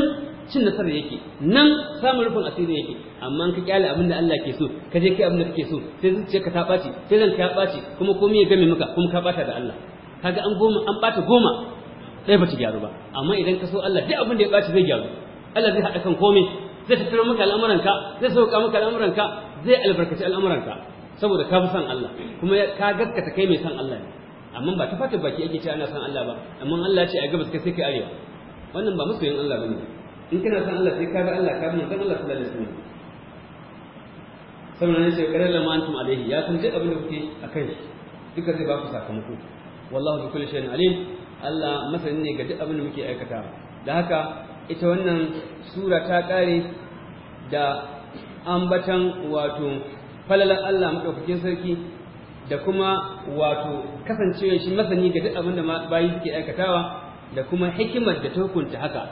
cin nasarar yake nan samun rufin asiri yake amma ka kyale abin da Allah ke so ka je kai abin da kake so sai ka ta ɓaci sai zan ka ɓaci kuma komai ya game maka kuma ka ɓata da Allah kaga an goma an ɓata goma sai ba ci gyaru ba amma idan ka so Allah duk abin da ya ɓaci zai gyaru Allah zai haɗa kan komai zai tattara maka al'amuranka zai sauka maka al'amuranka zai albarkaci al'amuranka saboda ka fi son Allah kuma ka gaskata kai mai son Allah ne amma ba ta fata baki ake ce ana son Allah ba amma Allah ce a gabas kai sai kai arewa wannan ba masoyin Allah ba ne, in kana son Allah sai ka bi Allah ka bi san Allah sallallahu alaihi wasallam saboda ne ce karar lama antum alaihi ya san duk abin da kuke akan shi duka zai ba ku sakamako wallahu bi kulli shay'in alim Allah masani ne ga duk abin da muke aikata da haka ita wannan sura ta kare da ambatan wato falalar Allah madaukakin sarki da kuma wato kasancewa shi masani ga duk abin da bayi suke aikatawa da kuma hikimar da ta hukunta haka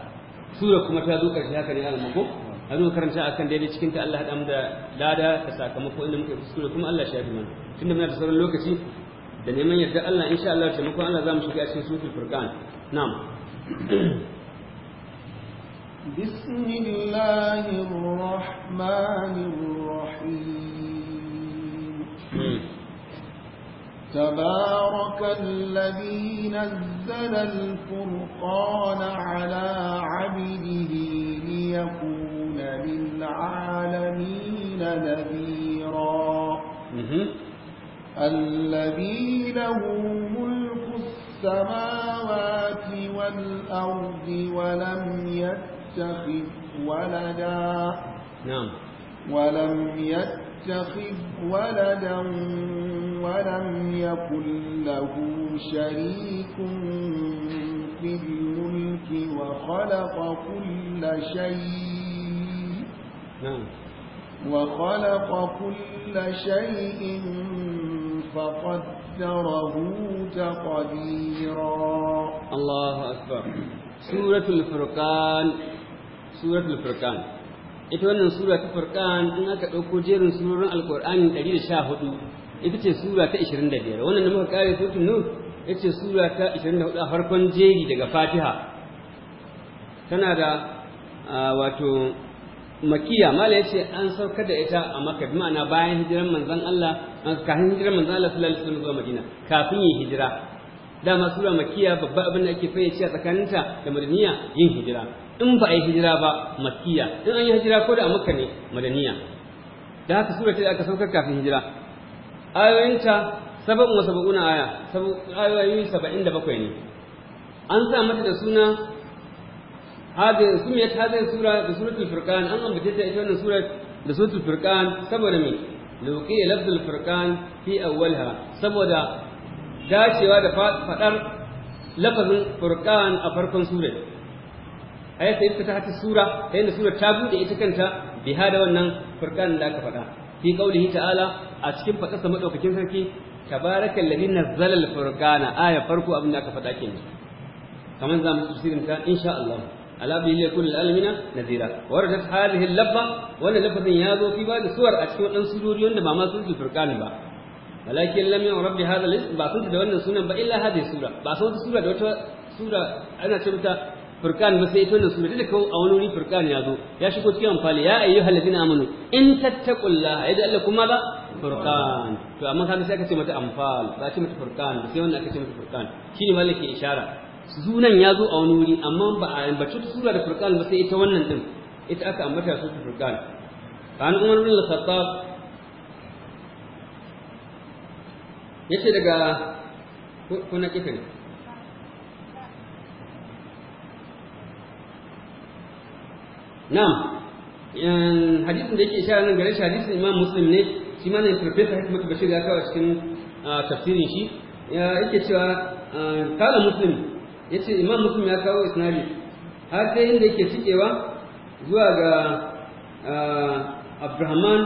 sura kuma ta zo karshe haka ne Allah mako, a zo karanta akan daidai cikin ta Allah haɗa da lada da sakamako inda muke kuskure kuma Allah shafi mana tunda muna da sauran lokaci da neman yarda Allah insha Allah taimakon Allah za mu shiga cikin sura furqan na'am بسم الله الرحمن الرحيم تبارك الذي نزل الفرقان على عبده ليكون للعالمين نذيرا الذي له ملك السماوات والأرض ولم يكن يتخذ ولدا نعم ولم يتخذ ولدا ولم يكن له شريك في الملك وخلق كل شيء نعم وخلق كل شيء فقدره تقديرا الله أكبر سورة الفرقان suratul furqan ita wannan sura ta furqan in aka ɗauko jerin surorin alqur'ani 114 ita ce sura ta 25 wannan da muka kare suratul nur ita ce sura ta 24 a farkon jeri daga fatiha tana da wato makiya mala yace an saukar da ita a makka bi ma'ana bayan hijiran manzon Allah kafin hijiran manzon Allah sallallahu alaihi wasallam zuwa madina kafin yi hijira dama sura makiya babba abin da ake fayyace a tsakaninta da madaniya yin hijira in ba a yi hijira ba makkiya in an yi hijira ko da a makka ne madaniya da haka sura ce da aka saukar kafin hijira ayoyinta sabon wa saba'una aya ayoyi saba'in da bakwai ne an sa mata da suna hadin sumiyat hadin sura da suratul furqan an ambace ta ita wannan sura da suratul furqan saboda me luqi lafzul furqan fi awwalha saboda dacewa da fadar lafazin furqan a farkon surai. ai ta hata sura ta yadda sura ta bude ita kanta bi da wannan furqan da aka faɗa fi qaulihi ta'ala a cikin faɗasa madaukakin sarki tabarakal ladhi nazzala al furqana aya farko abin da aka faɗa kenan Kamar zamu tafsirin ta insha Allah ala bi yakun lil alamina nadira waradat hadhihi al lafza wannan lafazin ya zo fi ba'd suwar a cikin dan sururiyon da ba ma sun furqan ba walakin lam yurabbi hadha al ba sun da wannan sunan ba illa hadhihi sura ba sun sura da wata sura ana ce mata furkan ba sai ita wannan sura duka a wani wuri furkan ya zo ya shigo cikin amfani ya ayyuhal ladina amanu in tattaqullaha yaj'al Allah kuma ba furkan to amma kaga sai aka ce mata amfal ba ce mata furkan ba sai wannan aka ce mata furkan shi shine malaki ishara sunan ya zo a wani wuri amma ba a ambaci sura da furkan ba sai ita wannan din ita aka ambata su furkan an umar bin al-khattab yace daga kuna kika ne na'am hadisin da yake ishara nan gare shi hadisin imam muslim ne shi ma ne professor hikmatu shi ya kawo cikin tafsirin shi yake cewa kala muslim ce imam muslim ya kawo isnadi har sai inda yake cikewa zuwa ga abdurrahman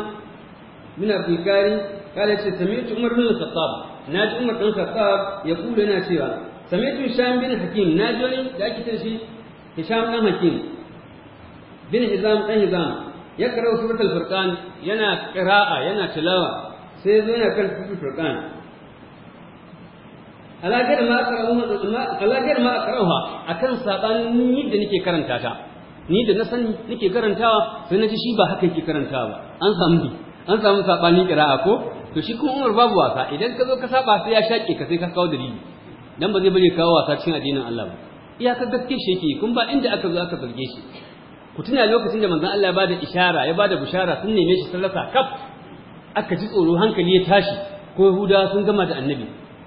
bin abdulkari kala ce sami'tu umar bin khattab na ji umar bin khattab ya kula yana cewa sami'tu hisham bin hakim na ji wani da ake cewa shi hisham dan hakim bin hizam dan hizam ya karau suratul furqan yana qira'a yana tilawa sai zo yana kan suratul furqan da ma alakar ma qara'uha akan sabanin yadda nake karanta ta ni da na san nake karantawa sai na ji shi ba haka yake karantawa ba an samu bi an samu sabanin qira'a ko to shi kuma Umar babu wasa idan ka zo ka saba sai ya shaƙe ka sai ka kawo dalili dan ba zai bari kawo wasa cikin addinin Allah ba iyakar gaske shi yake kun ba inda aka zo aka zarge shi ku tuna lokacin da manzon Allah ya bada ishara ya bada bushara sun neme shi sallasa kaf aka ji tsoro hankali ya tashi ko huda sun gama da annabi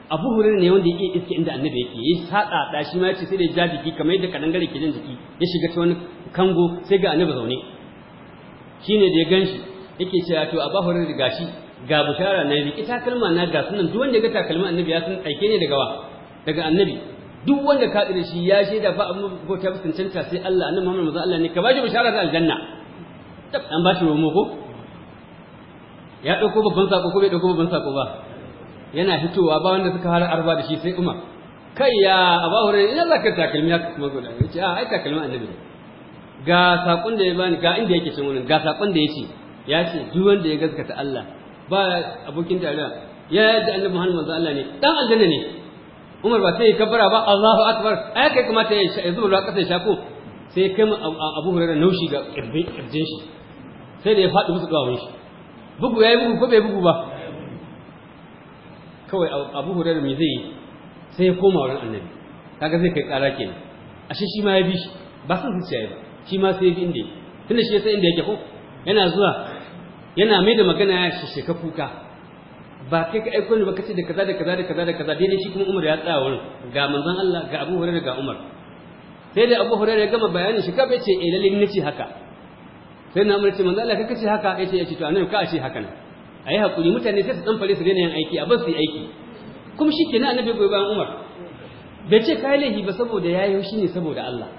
Abu Hurairah ne wanda yake iske inda annabi yake yi sada da shi ma yace sai da ja kamar yadda gare ke jin jiki ya shiga cikin wani kango sai ga annabi zaune shine da ya ganshi yake cewa to Abu Hurairah ga shi ga bushara na riki takalma na ga sunan duk wanda ya ga takalma annabi ya san aike ne daga wa daga annabi duk wanda ka da shi ya shaida ba abin ko ta cancanta sai Allah annabi Muhammad manzo Allah ne ka baje bishara ta aljanna An ba shi romo ko ya dauko babban sako ko bai dauko babban sako ba yana fitowa ba wanda suka fara arba da shi sai Umar kai ya Abu Hurairah ka zaka takalmi ka kuma goda yace a ah, ai takalmi annabi ga sakon da ya bani ga inda yake cin ga sakon da yace ya ce duk wanda ya gaskata Allah ba abokin tarayya ya yadda annabi Muhammad manzo Allah ne dan aljanna ne Umar ba sai ya kabbara ba Allahu akbar ai kai kamata ya zuba ruwa kasa shako sai kai kai Abu Hurairah naushi ga kirjin shi sai da ya fadi musu gawon shi bugu yayi bugu ko bai bugu ba kawai Abu Hurairah me zai sai ya koma wurin Annabi kaga zai kai tsara kenan ashe shi ma ya bi shi ba san zuciya ba shi ma sai ya bi inda tunda shi ya san inda yake ko yana zuwa yana mai da magana ya shisheka kuka ba kai ka aiko ni ba kace da kaza da kaza da kaza da kaza daidai shi kuma Umar ya tsaya wurin ga manzon Allah ga Abu Hurairah ga Umar sai da Abu Hurairah ya gama bayanin shi kafa ce eh lalle ni ce haka sai na Umar ce manzon Allah kai kace haka yace yace to anan ka ce haka ne ayi hakuri mutane sai su dan fare su daina yin aiki a bar su yi aiki kuma shikenan annabi goyi bayan Umar bai ce kai lahi ba saboda yayi shi ne saboda Allah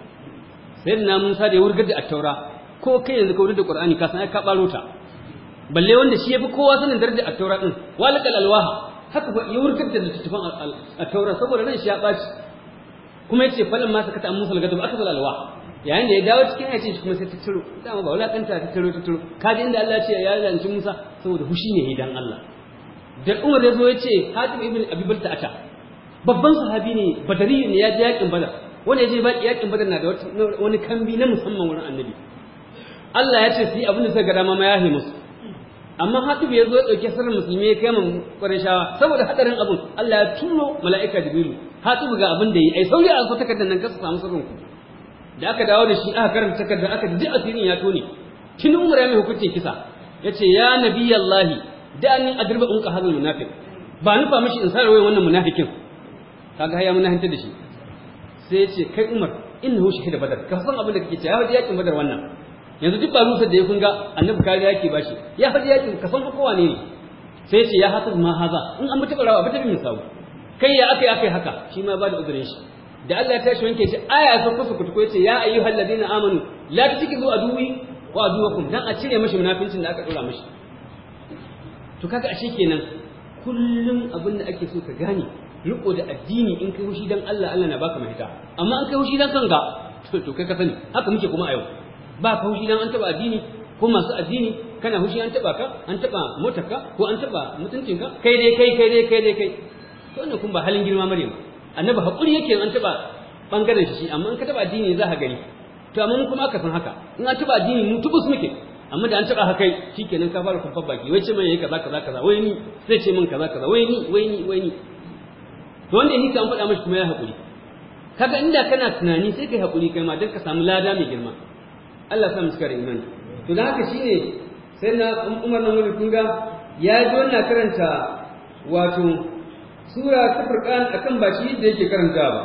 sai na Musa da ya wurgar da at-taura ko kai yanzu ka wurgar da Qur'ani ka san ai ka baro ta balle wanda shi yafi kowa sanin darajar at-taura din walikal alwaha haka ba ya wurkar da littattafan at-taura saboda nan shi ya baci kuma yace falan ma sakata an musal gadab akal alwaha yayin da ya dawo cikin aikin shi kuma sai ta tiro dama ba kanta ta tiro ta tiro kaji inda Allah ya ce ya zanci Musa saboda hushi ne idan Allah da Umar ya zo ya ce Hatim ibn Abi Balta ata babban sahabi ne badari ne ya je yakin badar wanda ya je yakin badar na da wani kambi na musamman wurin annabi Allah ya ce sai abin da suka ga dama ma ya musu amma hatu ya zo ya sirrin musulmi ya kai mun ƙwarin shawa saboda haɗarin abin Allah ya tuno mala'ika jibrilu hatu ga abin da yi ai sauri a so takardar nan ka samu sirrin ku da aka dawo da shi aka karanta takardar aka ji asirin ya tone kin umar ya mai hukuncin kisa ya ce ya nabiyallahi da an adirba unka hadal munafiq ba ni nufa mishi in sarar wannan munafikin kaga ya munafinta da shi sai ya ce kai umar innahu shahida badar ka san abin da kake cewa ya yakin badar wannan yanzu duk barusar da ya kunga annabi kariya yake bashi ya faɗi yakin ka san kowa ne sai ce ya hasu ma haza in an mutu rawa ba ta bi kai ya akai akai haka shi ma ba da uzurin shi da Allah ya tashi wanke shi aya ta kusa ko yace ya ayyuhal ladina amanu la tatikizu aduwi wa aduwakum dan a cire mashi munafincin da aka dora mashi to kaga ashe kenan kullum abin da ake so ka gane riko da addini in kai hushi dan Allah Allah na baka mahita amma an kai hushi dan kanka to kai ka sani haka muke kuma a yau ba ka hushi dan an taba addini ko masu addini kana hushi an taba ka an taba motarka ko an taba mutuncin ka. kai dai kai kai dai kai dai kai to wannan kun ba halin girma maryam annabi hakuri yake an taba bangaren shi amma in ka taba addini za ka gani to amma kuma aka san haka in an taba addini mu tubus muke amma da an taba haka shikenan ka fara kafar baki wai ce mai yayi kaza kaza kaza wai ni zai ce min kaza kaza wai ni wai ni wai ni to wanda yake an faɗa mashi kuma ya hakuri kaga inda kana tunani sai kai hakuri kai ma dan ka samu lada mai girma Allah sa muskar imani to da haka shine sai na Umar nan wani kunga ya ji wannan karanta wato sura ta Furqan akan baki da yake karanta ba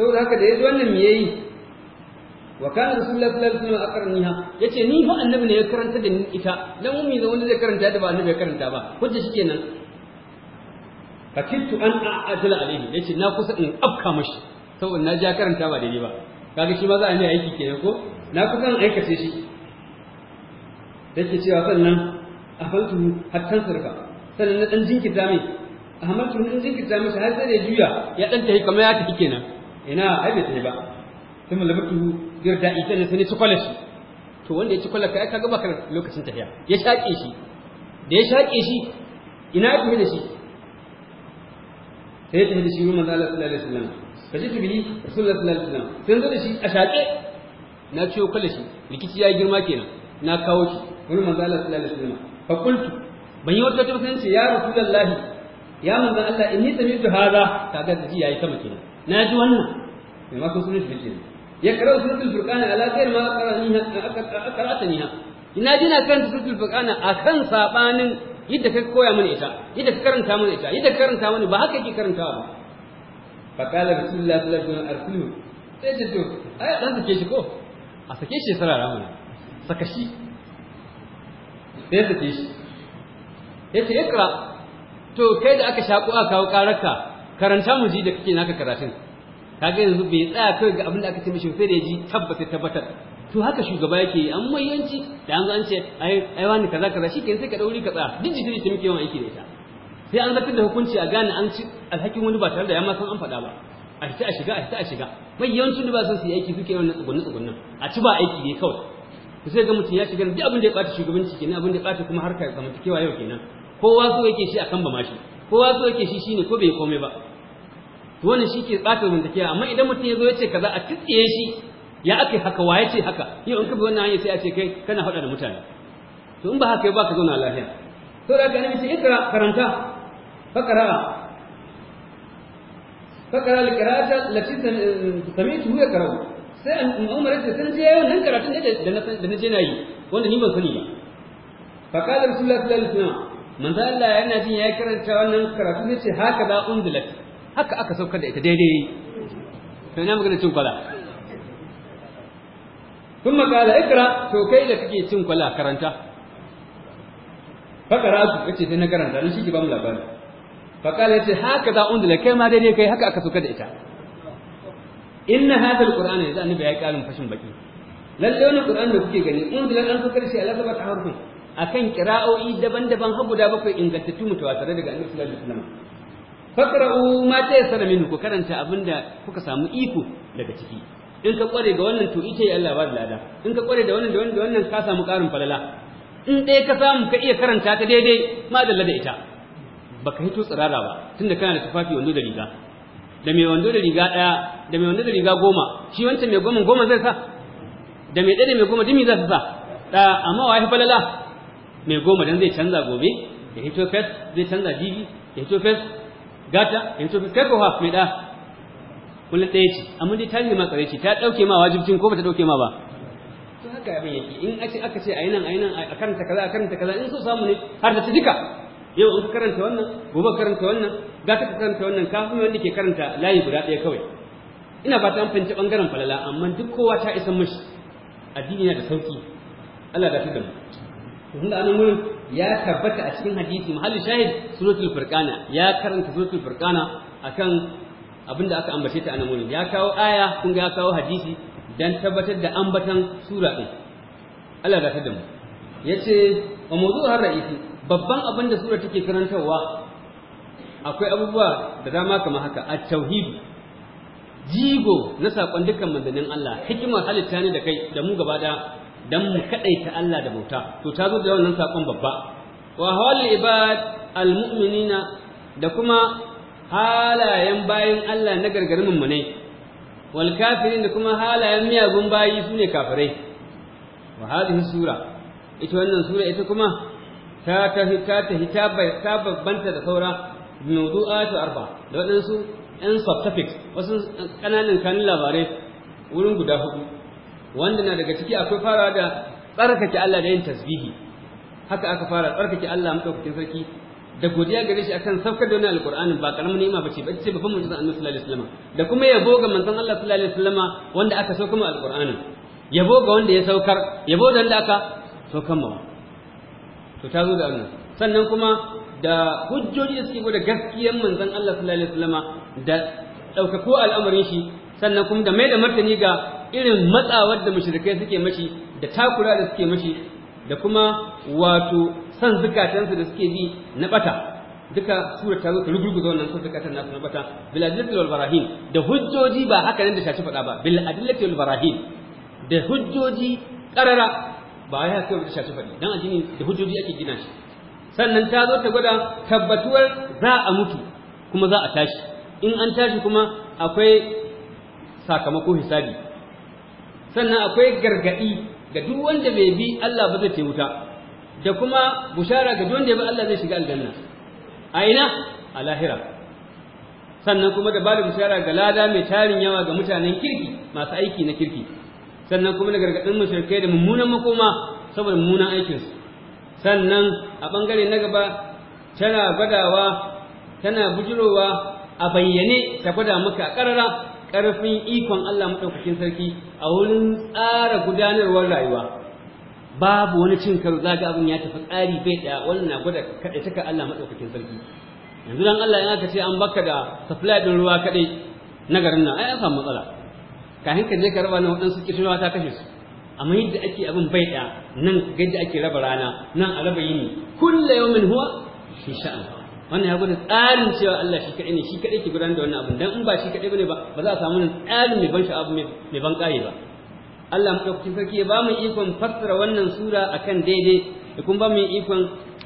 saboda haka da ya ji wannan me yayi wa kana rasulullahi sallallahu alaihi wasallam aqraniha yace ni ba annabi ne ya karanta da ni ita dan ummi da wanda zai karanta da ba annabi ya karanta ba hujja shikenan fakittu an a'adala alaihi yace na kusa in afka mashi saboda na ja karanta ba daidai ba kaga shi ma za a yi aiki kenan ko na fi kan aikace shi yake cewa sannan a faltu hattan sarka sannan na dan jinkirta mai a hamaltu in jinkirta mai har sai da juya ya dan tafi kamar ya tafi kenan ina ai bai tafi ba sai malabatu da ita ne sai ci kwalashi to wanda ya ci kwalar kai kaga baka lokacin tafiya ya shaƙe shi da ya shaƙe shi ina ya tafi da shi sai ya tafi da shi ruwan manzo Allah sallallahu alaihi wasallam ka ji tubili sunnat sallallahu alaihi wasallam zo da shi a shaƙe na ciwo kula shi rikici ya girma kenan na kawo shi wani manzo Allah sallallahu alaihi wasallam fa qultu ban yi wata ta sai ce ya rasulullahi ya manzo Allah inni sami'tu hadha kaga da ji yayi sama kenan na ji wannan mai ma sunnat sunan shi kenan ya karau suratul furqan ala ghair ma qara'aniha ina ji na kan suratul furqan akan sabanin yadda ka koya mana ita yadda ka karanta mana ita yadda ka karanta mana ba haka yake karantawa ba faƙala rasulullah sallallahu alaihi wasallam arsilu sai ce to ai dan sake shi ko a sake shi sarara mana saka shi sai sake shi ce ikra to kai da aka shako aka kawo karaka karanta mu ji da kake naka karatun kaga yanzu bai tsaya kai ga abin da aka ce mishi sai da ya ji tabbata tabbata to haka shugaba yake yi an mai yanci da an zo an ce ai ai wani kaza kaza shi kenan sai ka dauri ka tsaya duk ne ta muke yawan aiki da ita sai an zartar da hukunci a gane an ci alhakin wani ba tare da ya ma san an faɗa ba a fita a shiga a fita a shiga mai yawancin da ba son su yi aiki suke yawan tsugunni tsugunnin a ci ba aiki ne kawai ku sai ga mutum ya shiga duk abin da ya ɓata shugabanci kenan abin da ya ɓata kuma harkar kewa yau kenan kowa so yake shi akan ba mashi kowa so yake shi shine ko bai komai ba to wannan shi ke ɓata take amma idan mutum ya zo ya ce kaza a tsitsiye shi ya ake haka wa ya ce haka yi in ka bi wannan hanyar sai a ce kai kana hada da mutane to in ba haka ba ka zauna lafiya to da ka nabi ce ikra karanta فقرأ فقرأ القراءة التي سمعته يقرأ sai in Umar ya ce sun je nan karatun da na na yi wanda ni ban sani ba fa qala rasulullah sallallahu alaihi wasallam manzo Allah yana jin yayi karanta wannan karatu sai ce haka da unzilat haka aka saukar da ita daidai to ina magana cin kwala kuma qala ikra to kai da kake cin kwala karanta fa qara'tu kace sai na karanta shi ke ba mu فقال لك هكذا أنزل كما دي كي هكا أكسو كده إتا إن هذا القرآن إذا أنه بيأي قالوا فشن بكي للي أنا القرآن بكي قال أنزل أن فكر شيء لا سبع حرفين أكن كراؤي دبن دبن هبو دابك إن bakwai تتوم لك أنه صلى الله عليه وسلم fakra'u ma tayassara minhu ku karanta abinda kuka samu iko daga ciki in ka kware ga wannan to ita Allah ba lada in ka kware da wannan da wannan ka samu karin falala in dai ka samu ka iya karanta ta daidai ma da ita baka hito tsirara ba tunda kana da tufafi wando da riga da mai wando da riga daya da mai wando da riga goma shi wancan mai goma goma zai sa da mai ɗaya da mai goma dimi za su sa da amma wa ya falala mai goma dan zai canza gobe ya hito fes zai canza jibi ya hito fes gata ya hito fes kai ko haf mai ɗaya kullum ɗaya ce amma dai ta nema tsare ce ta ɗauke ma wajibcin ko ba ta ɗauke ma ba to haka abin yake in aka ce a yi nan a yi nan a karanta kaza a karanta kaza in so samu ne har ta ci duka yau in ka karanta wannan gobe karanta wannan ga ka karanta wannan ka fi wanda ke karanta layi guda ɗaya kawai ina ba ta an fahimci bangaren falala amma duk kowa ta isa mashi addini na da sauki Allah da tuka to da anan ya tabbata a cikin hadisi mahalli shahid suratul furqana ya karanta suratul furqana akan abinda aka ambace ta anan ya kawo aya kun ga ya kawo hadisi dan tabbatar da ambatan sura din Allah da tuka yace wa mawdu'ur ra'isi babban abin da sura take karantarwa akwai abubuwa da dama kamar haka a tauhidi jigo na saƙon dukkan manzannin Allah hikimar halitta ne da kai da mu gaba da dan mu kadaita Allah da bauta to ta zo da wannan saƙon babba wa hawal ibad almu'minina da kuma halayen bayin Allah na gargarin ne wal kafirin da kuma halayen miyagun bayi sune kafirai wa hadhihi sura ita wannan sura ita kuma ta tafi ta ta babbanta da saura mawdu'atu arba da waɗansu ɗan subtopics wasu ƙananan kanin labarai wurin guda hudu wanda na daga ciki akwai farawa da tsarkake Allah da yin tasbihi haka aka fara tsarkake Allah maɗaukakin sarki da godiya gare shi akan saukar da wannan alqur'anin ba karamin ni'ima bace ba ce babban mu'jiza annabi sallallahu alaihi wasallam da kuma yabo ga manzon Allah sallallahu alaihi wasallam wanda aka saukar mu alqur'anin yabo ga wanda ya saukar yabo da wanda aka saukar mu to ta zo da wannan sannan kuma da hujjoji da suke gwada gaskiyar manzon Allah sallallahu alaihi wasallama da ɗaukako al'amarin shi sannan kuma da mai da martani ga irin matsawar da mushrikai suke mashi da takura da suke mashi da kuma wato san zukatansu da suke bi na bata duka sura ta zo ta rugurguza wannan zukatan nasu na bata bil adillati wal barahin da hujjoji ba haka nan da shafi faɗa ba bil adillati wal barahin da hujjoji qarara ba ya kai da shafi fadi dan ajini da hujjoji ake gina shi sannan ta zo ta gwada tabbatuwar za a mutu kuma za a tashi in an tashi kuma akwai sakamako hisabi sannan akwai gargadi ga duk wanda bai bi Allah ba zai ce wuta da kuma bushara ga duk wanda ya Allah zai shiga aljanna a ina a lahira sannan kuma da ba da bushara ga lada mai tarin yawa ga mutanen kirki masu aiki na kirki sannan kuma da gargadin mashirkai da mummunan makoma saboda mummunan aikinsu sannan a ɓangare na gaba tana gwadawa tana bujirowa a bayyane ta gwada maka a ƙarara ƙarfin ikon Allah maɗaukakin sarki a wurin tsara gudanarwar rayuwa babu wani cin karo za ga abin ya tafi tsari bai ɗaya wannan na gwada kaɗai ta Allah maɗaukakin sarki yanzu dan Allah ya aka ce an baka da supply ɗin ruwa kaɗai na garin nan ai an samu matsala Kahin ka je ka raba nan waɗansu kishin ta kashe su amma yadda ake abin bai ɗaya nan ga ake raba rana nan a raba yini yau min huwa shi sha'an wannan ya gwada tsarin cewa Allah shi kaɗai ne shi kaɗai ke gudanar da wannan abin dan in ba shi kaɗai bane ba ba za a samu nan tsarin mai ban sha'abu mai ban ƙaye ba Allah maɗaukakin sarki ba mu ikon fassara wannan sura akan daidai da kuma ba mu ikon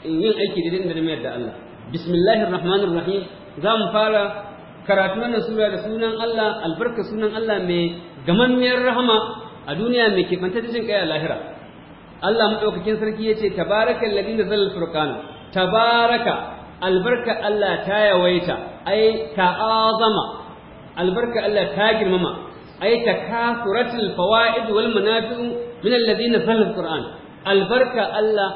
yin aiki daidai da na mayar da Allah bismillahir rahmanir rahim za mu fara karatu wannan sura da sunan Allah albarka sunan Allah mai gamammiyar rahama a duniya mai keɓanta jin kai a lahira Allah madaukakin sarki yace tabarakal ladhi nazala al tabaraka albarka Allah ta yawaita ai azama. albarka Allah ta girmama ai takasuratul fawaid wal manafi'u min alladhi nazala al albarka Allah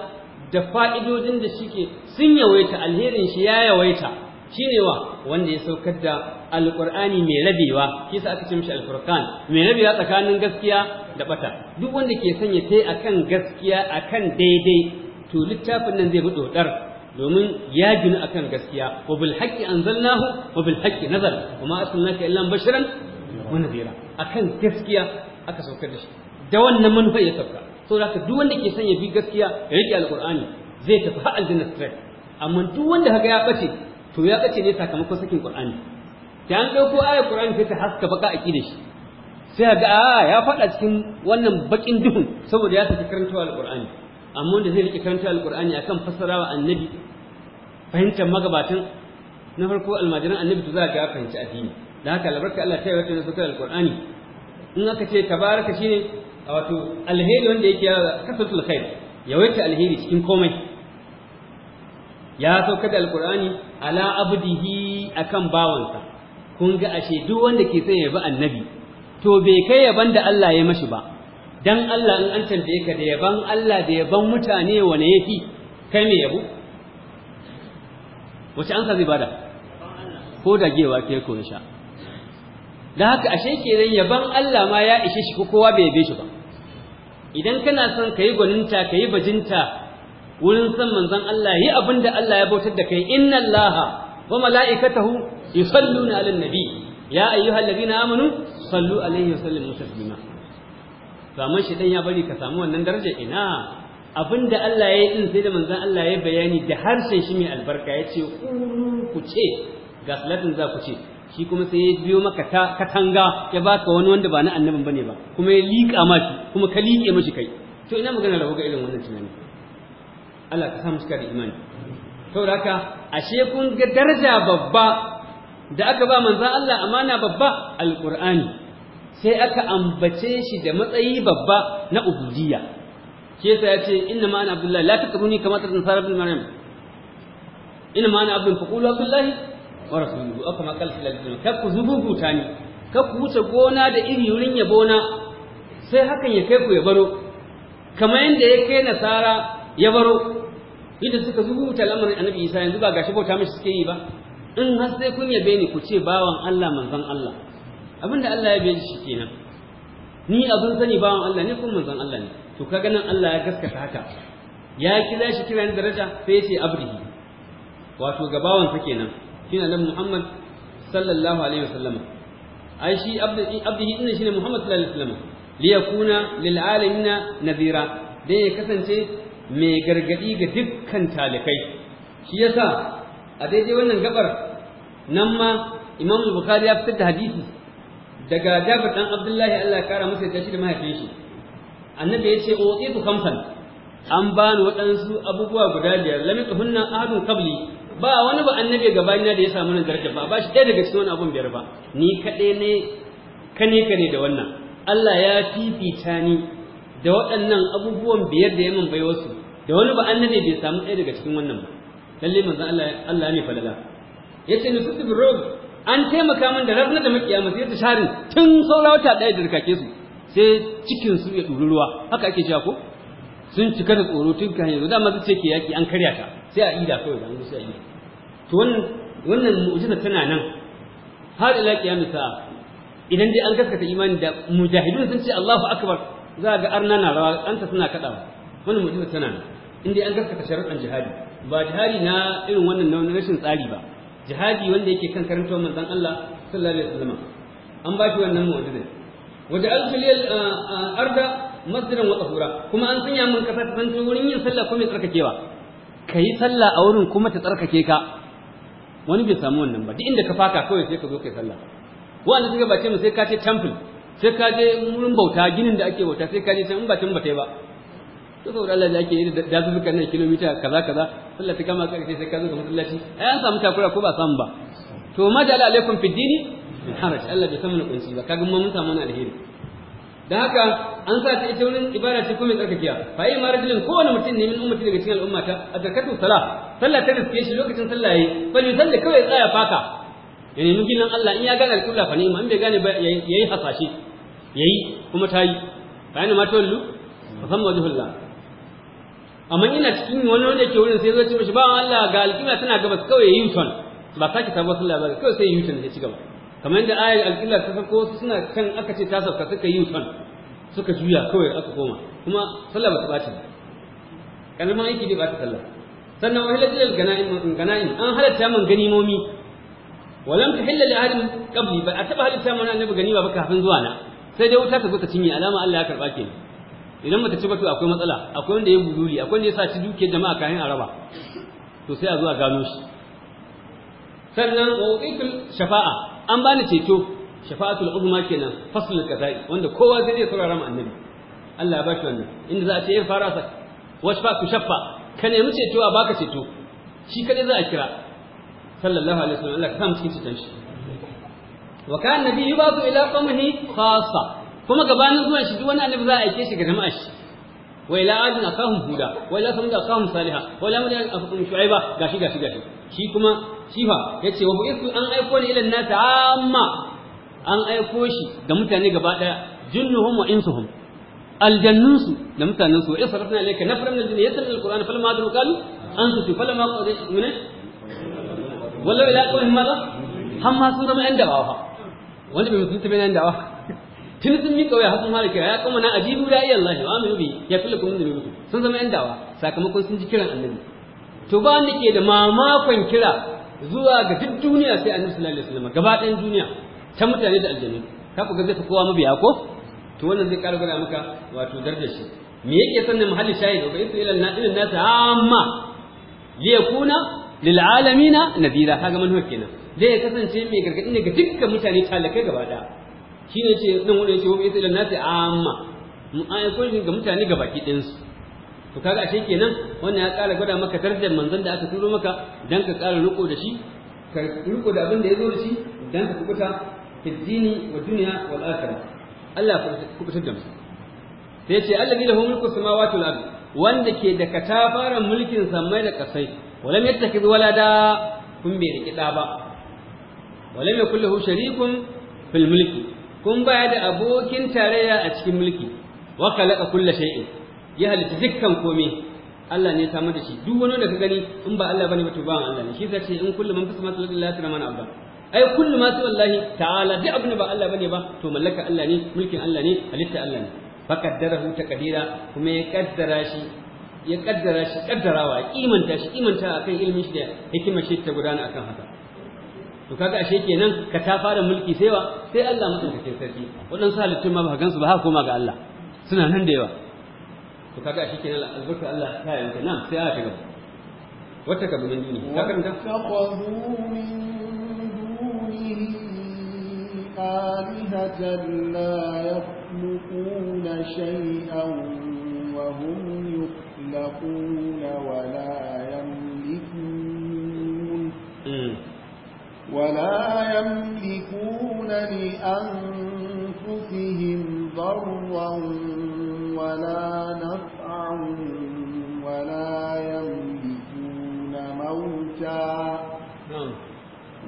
da fa'idodin da shike sun yawaita alherin shi ya yawaita cirewa wanda ya saukar da Alƙur'ani mai rabewa shi sa aka ce mishi alfurqan mai rabewa tsakanin gaskiya da bata duk wanda ke sanya tai akan gaskiya akan daidai to littafin nan zai bi dodar domin ya ginu akan gaskiya wa bil haqqi anzalnahu wa bil haqqi nazal kuma ma arsalnaka illa bashiran wa nadhira akan gaskiya aka saukar da shi da wannan manufa ya sauka So da duk wanda ke sanya bi gaskiya ya rike Alƙur'ani zai tafi har aljanna straight amma duk wanda kaga ya bace to ya bace ne sakamakon sakin qur'ani sai an dauko ayar qur'ani sai ta haska baka akida shi sai ga a ya faɗa cikin wannan baƙin duhun saboda ya tafi karantawa alqur'ani amma wanda zai rike karantawa alqur'ani akan fassarawa annabi fahimtar magabatan na farko almajiran annabi to za ga ya fahimci addini da haka albarka Allah ta yi wata al-Qur'ani in aka ce tabaraka shine wato alheri wanda yake kasatul khair yawaita alheri cikin komai ya saukar da alkur'ani ala abdihi akan bawansa kun ga ashe duk wanda ke son ya bi annabi to bai kai yaban da Allah ya mashi ba dan Allah in an tambaye ka da yaban Allah da yaban mutane wane yafi kai me yabo wace an zai bada ko da gewa ke ko sha dan haka ashe ke zan yaban Allah ma ya ishe shi ko kowa bai yabe shi ba idan kana son kayi gwaninta kai bajinta wurin san manzon Allah yi abin da Allah ya bautar da kai inna Allah wa mala'ikatahu yusalluna 'alan nabi ya na amanu sallu 'alaihi wa sallimu taslima Samun shi dan ya bari ka samu wannan daraja ina da Allah ya yi din sai da manzon Allah ya bayani da harshen shi mai albarka ya ce ku ce ga salatin za ku ce shi kuma sai ya biyo maka katanga ya baka wani wanda ba na annabin bane ba kuma ya liƙa maki kuma ka liƙe mashi kai to ina magana da ga irin wannan tunani Allah ka samu suka da imani da haka ashe kun ga daraja babba da aka ba manzon Allah amana babba alqur'ani sai aka ambace shi da matsayi babba na ubudiyya ke sa ya ce inna ma'ana abdullahi la takruni kama tarun bin maryam inna ma'ana abdul faqulu abdullahi wa rasuluhu aka ma kal fil jannah kar ku zububuta ni kar ku wuce gona da iri wurin yabona sai hakan ya kai ku ya baro kamar yadda ya kai nasara ya baro yadda suka rubuta lamarin annabi isa yanzu ba gashi bauta mishi suke yi ba in har sai kun yabe ni ku ce bawan Allah manzon Allah abinda Allah ya bayyana shi kenan ni abin sani bawan Allah ne kun manzon Allah ne to kaga nan Allah ya gaskata haka ya kira shi kiran daraja sai ya ce abdihi wato ga bawan sa kenan shine nan Muhammad sallallahu alaihi wasallam ai shi abdihi abdihi din shine Muhammad sallallahu alaihi wasallam liyakuna lil alamin nadira dai ya kasance mai gargadi ga dukkan talikai shi yasa a daidai wannan gabar nan ma imam bukhari ya fitar da hadisi daga jabir dan abdullahi Allah ya kara masa ya shi da mahaifin shi annabi ya ce ku kamfan. an bani waɗansu abubuwa guda biyar lam hunna ahadun kabli. ba wani ba annabi na da ya samu nan daraja ba ba shi ɗaya daga cikin wani abun biyar ba ni kaɗai ne ka ne-ka ne da wannan Allah ya fifita ni da waɗannan abubuwan biyar da ya bai wasu, da wani ba annabi bai samu ɗaya daga cikin wannan ba lalle manzon Allah ne falala yace ni sutu bi an taimaka min da rabna da makiyama sai ta sharin tun saura wata ɗaya da rikake su sai cikin ya ɗuri ruwa haka ake cewa ko sun cika da tsoro tun kan yanzu dama su ce ke yaki an karya ta sai a ida kawai da sai a ida to wannan wannan tana nan har ila kiyamis idan dai an gaskata imani da mujahidun sun ce Allahu akbar za ga arna na rawa anta suna kaɗawa wani mutum tana nan inda an an gaskata sharuɗan jihadi ba jihadi na irin wannan na rashin tsari ba jihadi wanda yake kan karantar manzon Allah sallallahu alaihi wasallam an ba shi wannan mu'jiza waje alfilil arda masjidan wa tahura kuma an sanya mun kasa ta sanci wurin yin sallah kuma tsarkakewa kai sallah a wurin kuma ta tsarkake ka wani bai samu wannan ba duk inda ka faka kawai sai ka zo kai sallah wa'anda suka bace mu sai ka ce temple sai ka je wurin bauta ginin da ake bauta sai ka je sai in ba tun ba ba to saboda Allah ne ke yi da dazuzuka nan kilomita kaza kaza sallah ta kama karshe sai ka zo ga masallaci ai an samu takura ko ba samu ba to madal alaikum fi dini min haraj Allah bai samu kunci ba kaga mun samu na alheri dan haka an sa ta ita wurin ibada ce kuma tsarkakiya fa ai ko kowane mutum ne min ummati daga cikin al'ummata adarkatu salah sallah ta riske shi lokacin sallah yayi fa bi sallah kawai tsaya faka ya nemi Allah in ya gane alƙibla fa ne in bai gane ba yayi hasashe yayi kuma tayi bayan ma ta wallu fa samma amma ina cikin wani wanda yake wurin sai zo ci mishi ba Allah ga alƙibla tana gabas kawai yayi yuton ba saki sabo sallah ba kawai sai yuton ya ci gaba kamar yadda ayar alƙibla ta sako suna kan aka ce ta sauka suka yi yuton suka juya kawai aka koma kuma sallah ba ta bace ba kalman aiki ne ba ta sallah sannan ganaim jilal gana'in an halatta man ganimomi walam tahilla li ahadin qabli ba a taba halitta mana annabi ganima ba zuwa na sai dai wuta ta zo ta cinye alama Allah ya karba kenan idan mata ci bato akwai matsala akwai wanda ya bululi akwai wanda ya saci duke jama'a kayan araba to sai a zo a gano shi sannan uqitul shafa'a an bani ceto shafa'atul uzma kenan faslul qada'i wanda kowa zai iya saurara mu annabi Allah ya bashi wannan inda za a ce ya fara sa wa shafa'atu shaffa ka nemi ceto a baka ceto shi kadai za a kira sallallahu alaihi wasallam Allah ka sa mu cikin shi wa kan nabi yubatu ila qaumihi khassa kuma gabanin zuwan shi duk wani annabi za a aike shi ga jama'a shi wa ila adin akahum huda wa ila samud akahum salihah wa ila mudin akahum shu'aiba gashi gashi gashi shi kuma shifa yace wa bu'ithu an aiko ni ila an-nas amma an aiko shi ga mutane gaba daya jinnuhum wa insuhum aljannunsu da mutanensu wa israfna ilayka nafran min jinni yasal alquran falamma adu qalu ansu falamma qad min wallahu ila qawmin madha hamma sun zama yan dawawa wanda bai musulunta bai nan da'awa tun sun miƙa waya hasan fara kira ya kuma na ajibu da iya Allah wa mai ya fi kuma da mutu sun zama yan da'awa sakamakon sun ji kiran annabi to ba wanda ke da mamakon kira zuwa ga duk duniya sai annabi sallallahu alaihi wasallam gaba ɗayan duniya ta mutane da aljanu ka ku gaza kowa mabiya ko to wannan zai ƙara gwada maka wato darajar shi me yake sannan muhalli shahid wa baitu ila an nasa amma liyakuna lil alamina nadira kaga manhaj kenan zai kasance mai gargaɗi ne ga dukkan mutane talakai gaba ɗaya shi ne ce nan wani ce wani tsilan nasi amma an yi sojin ga mutane gaba ki ɗinsu to kaga ashe kenan wannan ya ƙara gwada maka darajar manzon da aka turo maka dan ka ƙara riko da shi ka riko da abin da ya zo da shi dan ka kubuta fiddini wa duniya wal akhirah Allah ya kubuta da mu sai ce allazi lahu mulku samawati wal ardi wanda ke da katafaran mulkin samai da kasai walam yattakiz walada kun bai riki da ba walam yakul lahu sharikun fil mulki kun baya da abokin tarayya a cikin mulki wa khalaqa kulla shay'in ya halitta dukkan komai Allah ne ya samar da shi duk wani da ka gani in ba Allah bane ba to ba Allah ne shi sai in kullu man fasma sallallahu alaihi wasallam abba ai kullu ma wallahi ta'ala duk abin ba Allah bane ba to mallaka Allah ne mulkin Allah ne halitta Allah ne fa qaddarahu taqdira kuma ya kaddara shi ya kaddara shi kaddarawa kimanta shi kimanta akan ilmin shi da hikimar shi ta gudana akan haka to kaga ashe kenan ka ta fara mulki sai wa sai Allah ce sarki waɗansu halittun ma ba gansu ba ha koma ga Allah suna nan da yawa to kaga ashe kenan albarka Allah ta yanka nan sai a ta wata kabu min duni ka karanta taqadu min dunihi آلهة لا يخلقون شيئا وهم يخلقون ولا يملكون ولا يملكون لأنفسهم ضرا ولا نفعا ولا يملكون موتا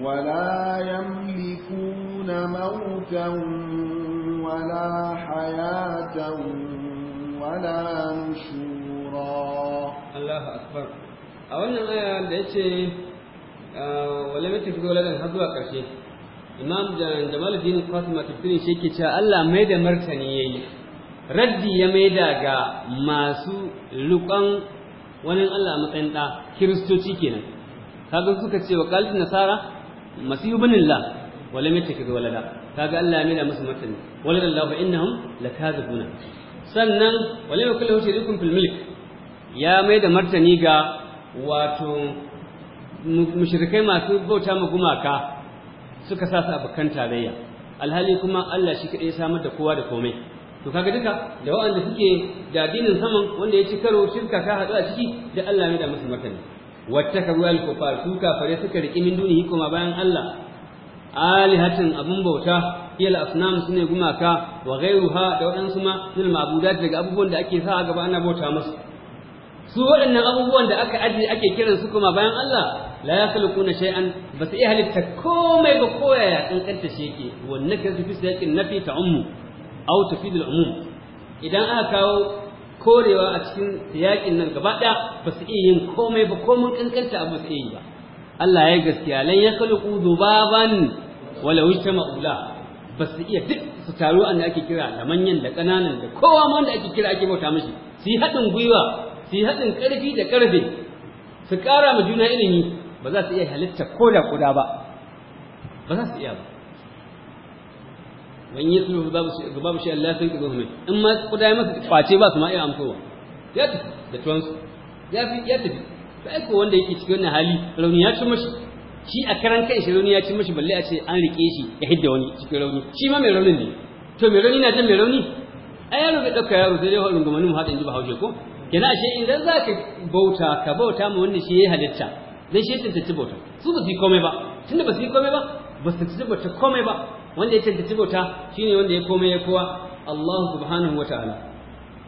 ولا يملكون موتا ولا حياة ولا نشورا الله أكبر أولا آية التي wale mai tafi waladan har zuwa ƙarshe imam jamal bin qasim at-tirmidhi shi cewa Allah mai da martani yayi raddi ya maida ga masu luƙan wani Allah a matsayin ɗa kiristoci kenan kaga suka ce wa qalat nasara masihu binillah wala mai tafi da kaga Allah mai da musu martani walada Allah innahum lakazibuna sannan wala yakulu shirikun fil mulk ya mai da martani ga wato mushrikai masu bauta ma gumaka suka sa su abokan tarayya alhali kuma Allah shi kaɗai samar da kowa da komai to kaga duka da waɗanda suke da addinin saman wanda ya ci karo shirka ka haɗu a ciki da Allah ne da musu martani wattakabu ko kufar su kafare suka riki min dunihi kuma bayan Allah alihatin abun bauta hiyal asnam sune gumaka wa ghayruha da waɗansu ma lil ma'budat daga abubuwan da ake sa a gaba ana bauta musu su waɗannan abubuwan da aka ajiye ake kiran su kuma bayan Allah la yakhluquna shay'an ba su iya halitta komai ba ya kankanta shi yake wannan kasu fi sayakin nafi ta ummu tafi da umum idan aka kawo korewa a cikin yakin nan gaba ɗaya ba su iya yin komai ba komai kankanta abu su iya yi ba Allah ya gaskiya lan yakhluqu dhubaban wala wajtama'u la ba su iya duk su taru an da ake kira da manyan da ƙananan da kowa ma da ake kira ake bauta mashi su yi haɗin gwiwa su yi haɗin ƙarfi da ƙarfe su ƙara ma juna ilimi ba za su iya halitta ko da kuda ba ba za su iya ba wani yi sulhu ba shi babu shi Allah sun kizo mai in ma kuda ya masu kwace ba su ma iya amsowa ya tafi da tuwansu ya fi ya tafi to ai ko wanda yake cikin wannan hali rauni ya ci mashi shi a karan kai shi rauni ya ci mashi balle a ce an rike shi ya hidda wani cikin rauni shi ma mai raunin ne to mai rauni na jan mai rauni a yaro bai ɗauka yaro sai dai hau rungumanin mu haɗin ji ba haushe ko kenan ashe idan za ka bauta ka bauta ma wanda shi ya halitta dan shi ya tantance bauta su ba su yi komai ba tunda ba su yi komai ba ba su tantance bauta komai ba wanda ya tantance bauta shine wanda ya komai ya kowa Allah subhanahu wataala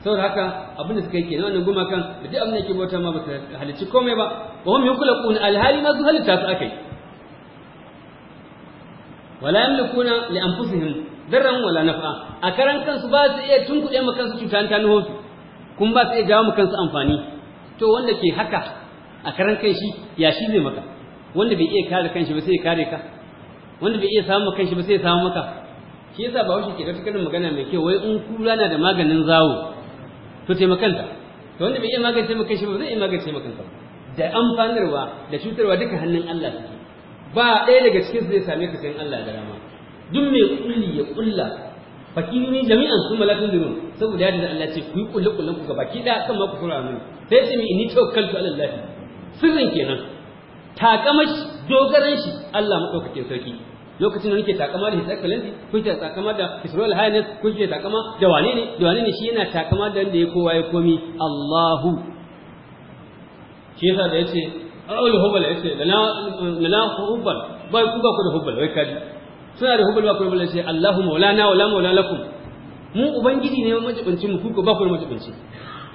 saboda haka abin da suka yi kenan wannan kan da duk abin da yake bauta ma ba su halicci komai ba wa hum yukhlaqun alhali ma su halitta su akai wala yamlikuna li anfusihim darran wala naf'a a karan kansu ba su iya tunkuɗe ma kansu cuta ta nuhu kun ba su iya jawo ma kansu amfani to wanda ke haka a karan kai shi ya shi ne maka wanda bai iya kare kanshi ba sai ya kare ka wanda bai iya samu kanshi ba sai ya samu maka shi yasa ba washe ke da cikin magana mai kyau wai in kula na da maganin zawo to taimakanta to wanda bai iya magance maka kanshi ba zai iya magance maka ba da amfanarwa da cutarwa duka hannun Allah suke ba ɗaya daga cikin zai same ka sai Allah da rama duk mai kulli ya kulla fakiri jami'an su malakun dunun saboda yadda Allah ce ku yi kulle kullen ku gaba ki da kan ma ku fura mun sai ce mi ni tawakkaltu ala Allah sirrin kenan shi, dogaran shi Allah madaukakin sarki lokacin da nake takama da his excellency kun ta takama da israel royal highness kun ce takama da wane ne da wane ne shi yana takama da wanda ya kowa ya komi Allahu shi yasa da yace rawul hubal yace lana lana hubal bai ku ga ku da hubal wai kaji suna da hubal ba ku hubal yace Allahu maulana la maula lakum mu ubangiji ne majibincin mu ku ba ku da majibinci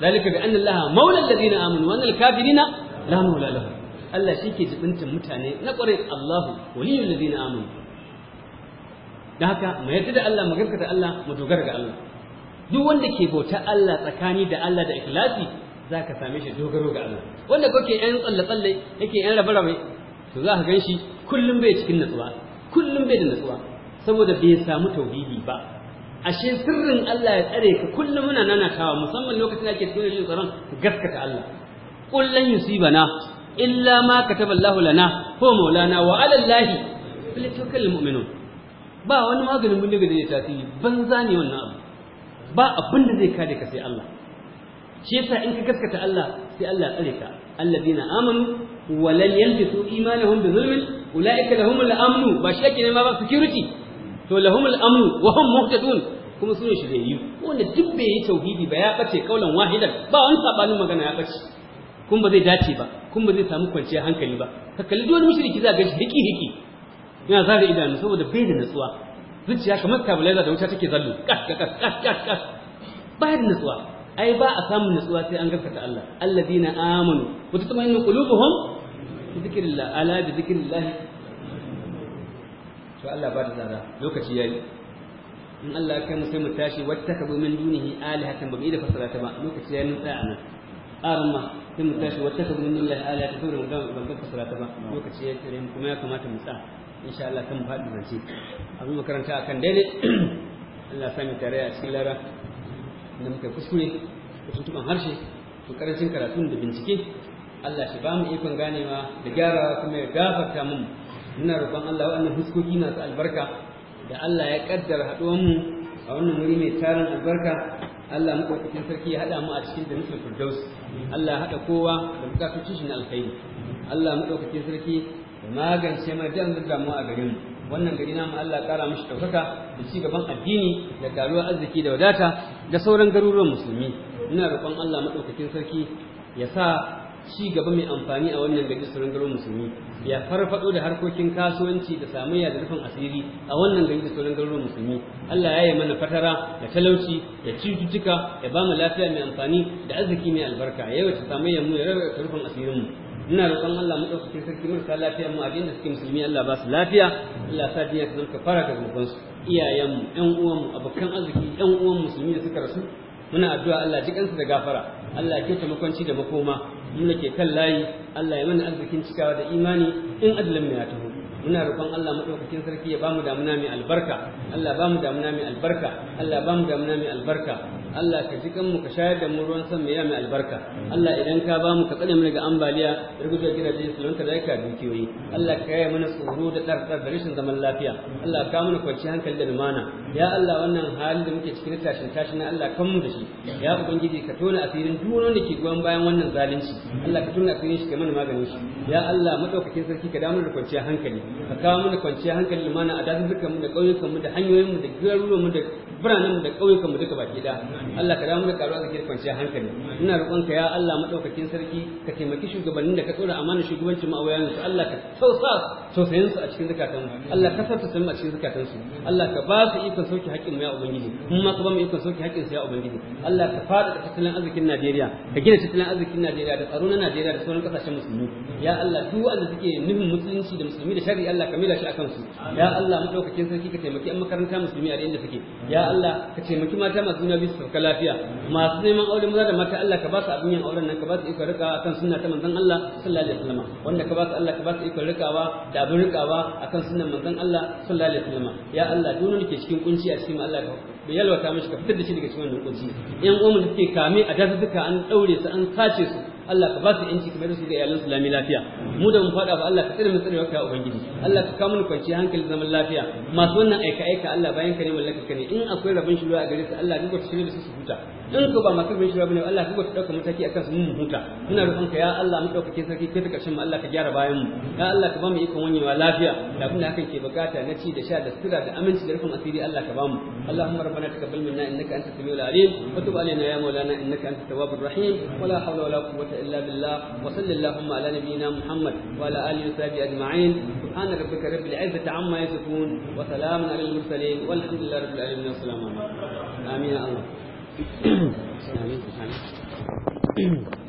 dalika bi anna allaha maula alladhina amanu wa anna al la maula lahu Allah shi ke jibintin mutane na ƙware Allahu waliyul ladina amanu da haka mu yarda da Allah mu gaskata Allah mu dogara ga Allah duk wanda ke bauta Allah tsakani da Allah da ikhlasi zaka same shi dogaro ga Allah wanda kake yan tsalle tsalle yake yan rabara mai to za ka ganshi kullum bai cikin natsuwa kullum bai da natsuwa saboda bai samu tauhidi ba ashe sirrin Allah ya tsare ka kullum muna tawa musamman lokacin da ake cikin rashin tsaron gaskata Allah qul lan bana, illa ma kataba Allahu lana ko maulana wa ala Allahi falyatawakkalul mu'minun ba wani maganin mun daga da tasiri banza ne wannan abu ba abin da zai kada ka sai Allah shi yasa in ka gaskata Allah sai Allah tsare ka alladina amanu wa lam yalbisu imanahum bi zulmin ulaika lahumul amnu ba shi ake nema ba security to lahumul amnu wa hum muhtadun kuma sune shiryayyu wanda duk bai yi tauhidi ba ya bace kaulan wahidan ba wani sabanin magana ya bace kun ba zai dace ba kun ba zai samu kwanciyar hankali ba ka kalli duk wani mushriki za ga shi hiki hiki Ina zara idanu saboda bai da natsuwa zuciya kamar stabilizer da wuta take zallo kas kas kas kas kas ba da natsuwa ai ba a samun natsuwa sai an garkata Allah alladina amanu wa tatma'innu qulubuhum bi dhikrillah ala bi dhikrillah to Allah ba da tsara lokaci yayi in Allah ya kai mu sai mu tashi wattakabu min dunihi alihatan ba mu yi da fasara ta ba lokaci ya mun tsaya anan arma sai mu tashi wata ta gudun lillahi ala ta saboda magana ban ga kasara ta ba lokaci ya kare mu kuma ya kamata mu tsaya insha Allah kan faɗi zance abin makaranta akan daidai Allah ya sami tare a cikin lara da muka kuskure da tuntuban harshe to karancin karatun da bincike Allah shi ba mu ikon ganewa da gyarawa kuma ya gafarta mun muna roƙon Allah waɗannan na su albarka da Allah ya kaddara haɗuwar mu a wannan wuri mai tarin albarka Allah mu sarki ya haɗa mu a cikin da nufin firdaus Allah haɗa kowa da bukatun shi na alkhairi Allah maɗaukakin sarki da magance mana dukkan damuwa a garin mu wannan gari namu Allah ƙara mashi ɗaukaka da ci gaban addini da karuwar arziki da wadata da sauran garuruwan musulmi ina roƙon Allah maɗaukakin sarki ya sa ci gaba mai amfani a wannan gari sauran garin musulmi ya farfado da harkokin kasuwanci da samayya da rufin asiri a wannan gari da sauran garin musulmi Allah ya yi mana fatara da talauci da cututtuka ya ba mu lafiya mai amfani da arziki mai albarka ya yawaita samayya mu ya rarrata rufin asirin mu ina roƙon Allah mu ɗaukake sarki marasa lafiya mu abin da suke musulmi Allah ba su lafiya Allah sa duniya ta zama kafara ga zunubansu iyayenmu ƴan uwanmu abokan arziki ƴan uwan musulmi da suka rasu muna addu'a Allah duk ansa da gafara Allah ya kyauta makwanci da makoma nuna ke kan layi Allah ya mana arzikin cikawa da imani in adalin mu ya tuhu, muna roƙon Allah madaukakin sarki ya bamu damuna mai albarka Allah bamu damuna mai albarka Allah bamu damuna mai albarka Allah ka ji kanmu ka shayar da mu ruwan sama ya mai albarka Allah idan ka ba mu ka tsare mu daga ambaliya da rubuta gidaje sulun ka zaka dukiyoyi Allah ka yaya mana tsoro da tsartsar da rashin zaman lafiya Allah ka mana kwanci hankali da lumana ya Allah wannan halin da muke cikin tashin tashin na Allah kanmu da shi ya ubangiji ka tona asirin duk wanda ke goyon bayan wannan zalunci Allah ka tona asirin shi ka mana maganin shi ya Allah madaukakin sarki ka damu da kwanciyar hankali ka kawo mana kwanciyar hankali lumana a dukkan mu da kauyukan mu da hanyoyin mu da garuruwan mu da biranen da ƙauyukan mu duka baki da Allah ka damu da karuwa zakir kwanciyar hankali ina ka ya Allah madaukakin sarki ka taimaki shugabannin da ka tsora amana shugabancin mu a wayan su Allah ka tausa tausayin su a cikin zakatan Allah ka sa tausayin a cikin zakatan su Allah ka ba su ikon sauki haƙƙin mu ya ubangiji mun ma ka ba mu ikon sauki haƙƙin su ya ubangiji Allah ka fada da tattalin arzikin Najeriya ka gina tattalin arzikin Najeriya da tsaro na Najeriya da sauran ƙasashen musulmi ya Allah duk wanda suke nufin musulunci da musulmi da shari'a Allah ka mila shi akan su ya Allah madaukakin sarki ka taimaki an makaranta musulmi a inda suke ya Allah ka ce mutum mata masu juna biyu sauka lafiya masu neman aure maza da mata Allah ka ba su abin yin auren nan ka ba su ikon rikawa akan sunna ta manzon Allah sallallahu alaihi wasallam wanda ka ba su Allah ka ba su ikon rikawa da abin rikawa akan sunnan manzon Allah sallallahu alaihi wasallam ya Allah duk wanda ke cikin kunci a cikin Allah ka yalwata mishi ka fitar da shi daga cikin wannan kunci yan uwan da suke kame a dazuzzuka an daure su an kace su Allah ka ba su yanci kamar su ga iyalan su lami lafiya mu da mun fada fa Allah ka tsare mu tsare ka ubangiji Allah ka kawo mu kwanciyar hankali zaman lafiya masu wannan aika aika Allah bayan ka ne mallaka ka ne in akwai rabin shi a gare su Allah duk wata shirye da su huta in ko ba masu bin shirya bane Allah ka gwada dauka mataki akan su mun huta muna roƙon ka ya Allah mu dauke sarki kai ta karshen mu Allah ka gyara bayan mu ya Allah ka ba mu ikon wanyewa lafiya da abin hakan ke bukata na ci da sha da sira da aminci da rufin asiri Allah ka ba mu Allahumma rabbana taqabbal minna innaka antas samiul alim wa tub alaina ya maulana innaka antat tawwabur rahim wa la hawla wa la quwwata illa billah wa sallallahu ala nabiyyina muhammad wa ala alihi wa sahbihi ajma'in subhana rabbika rabbil izzati amma yasifun wa salamun alal mursalin والحمد لله رب العالمين والسلام عليكم امين يا الله 嗯。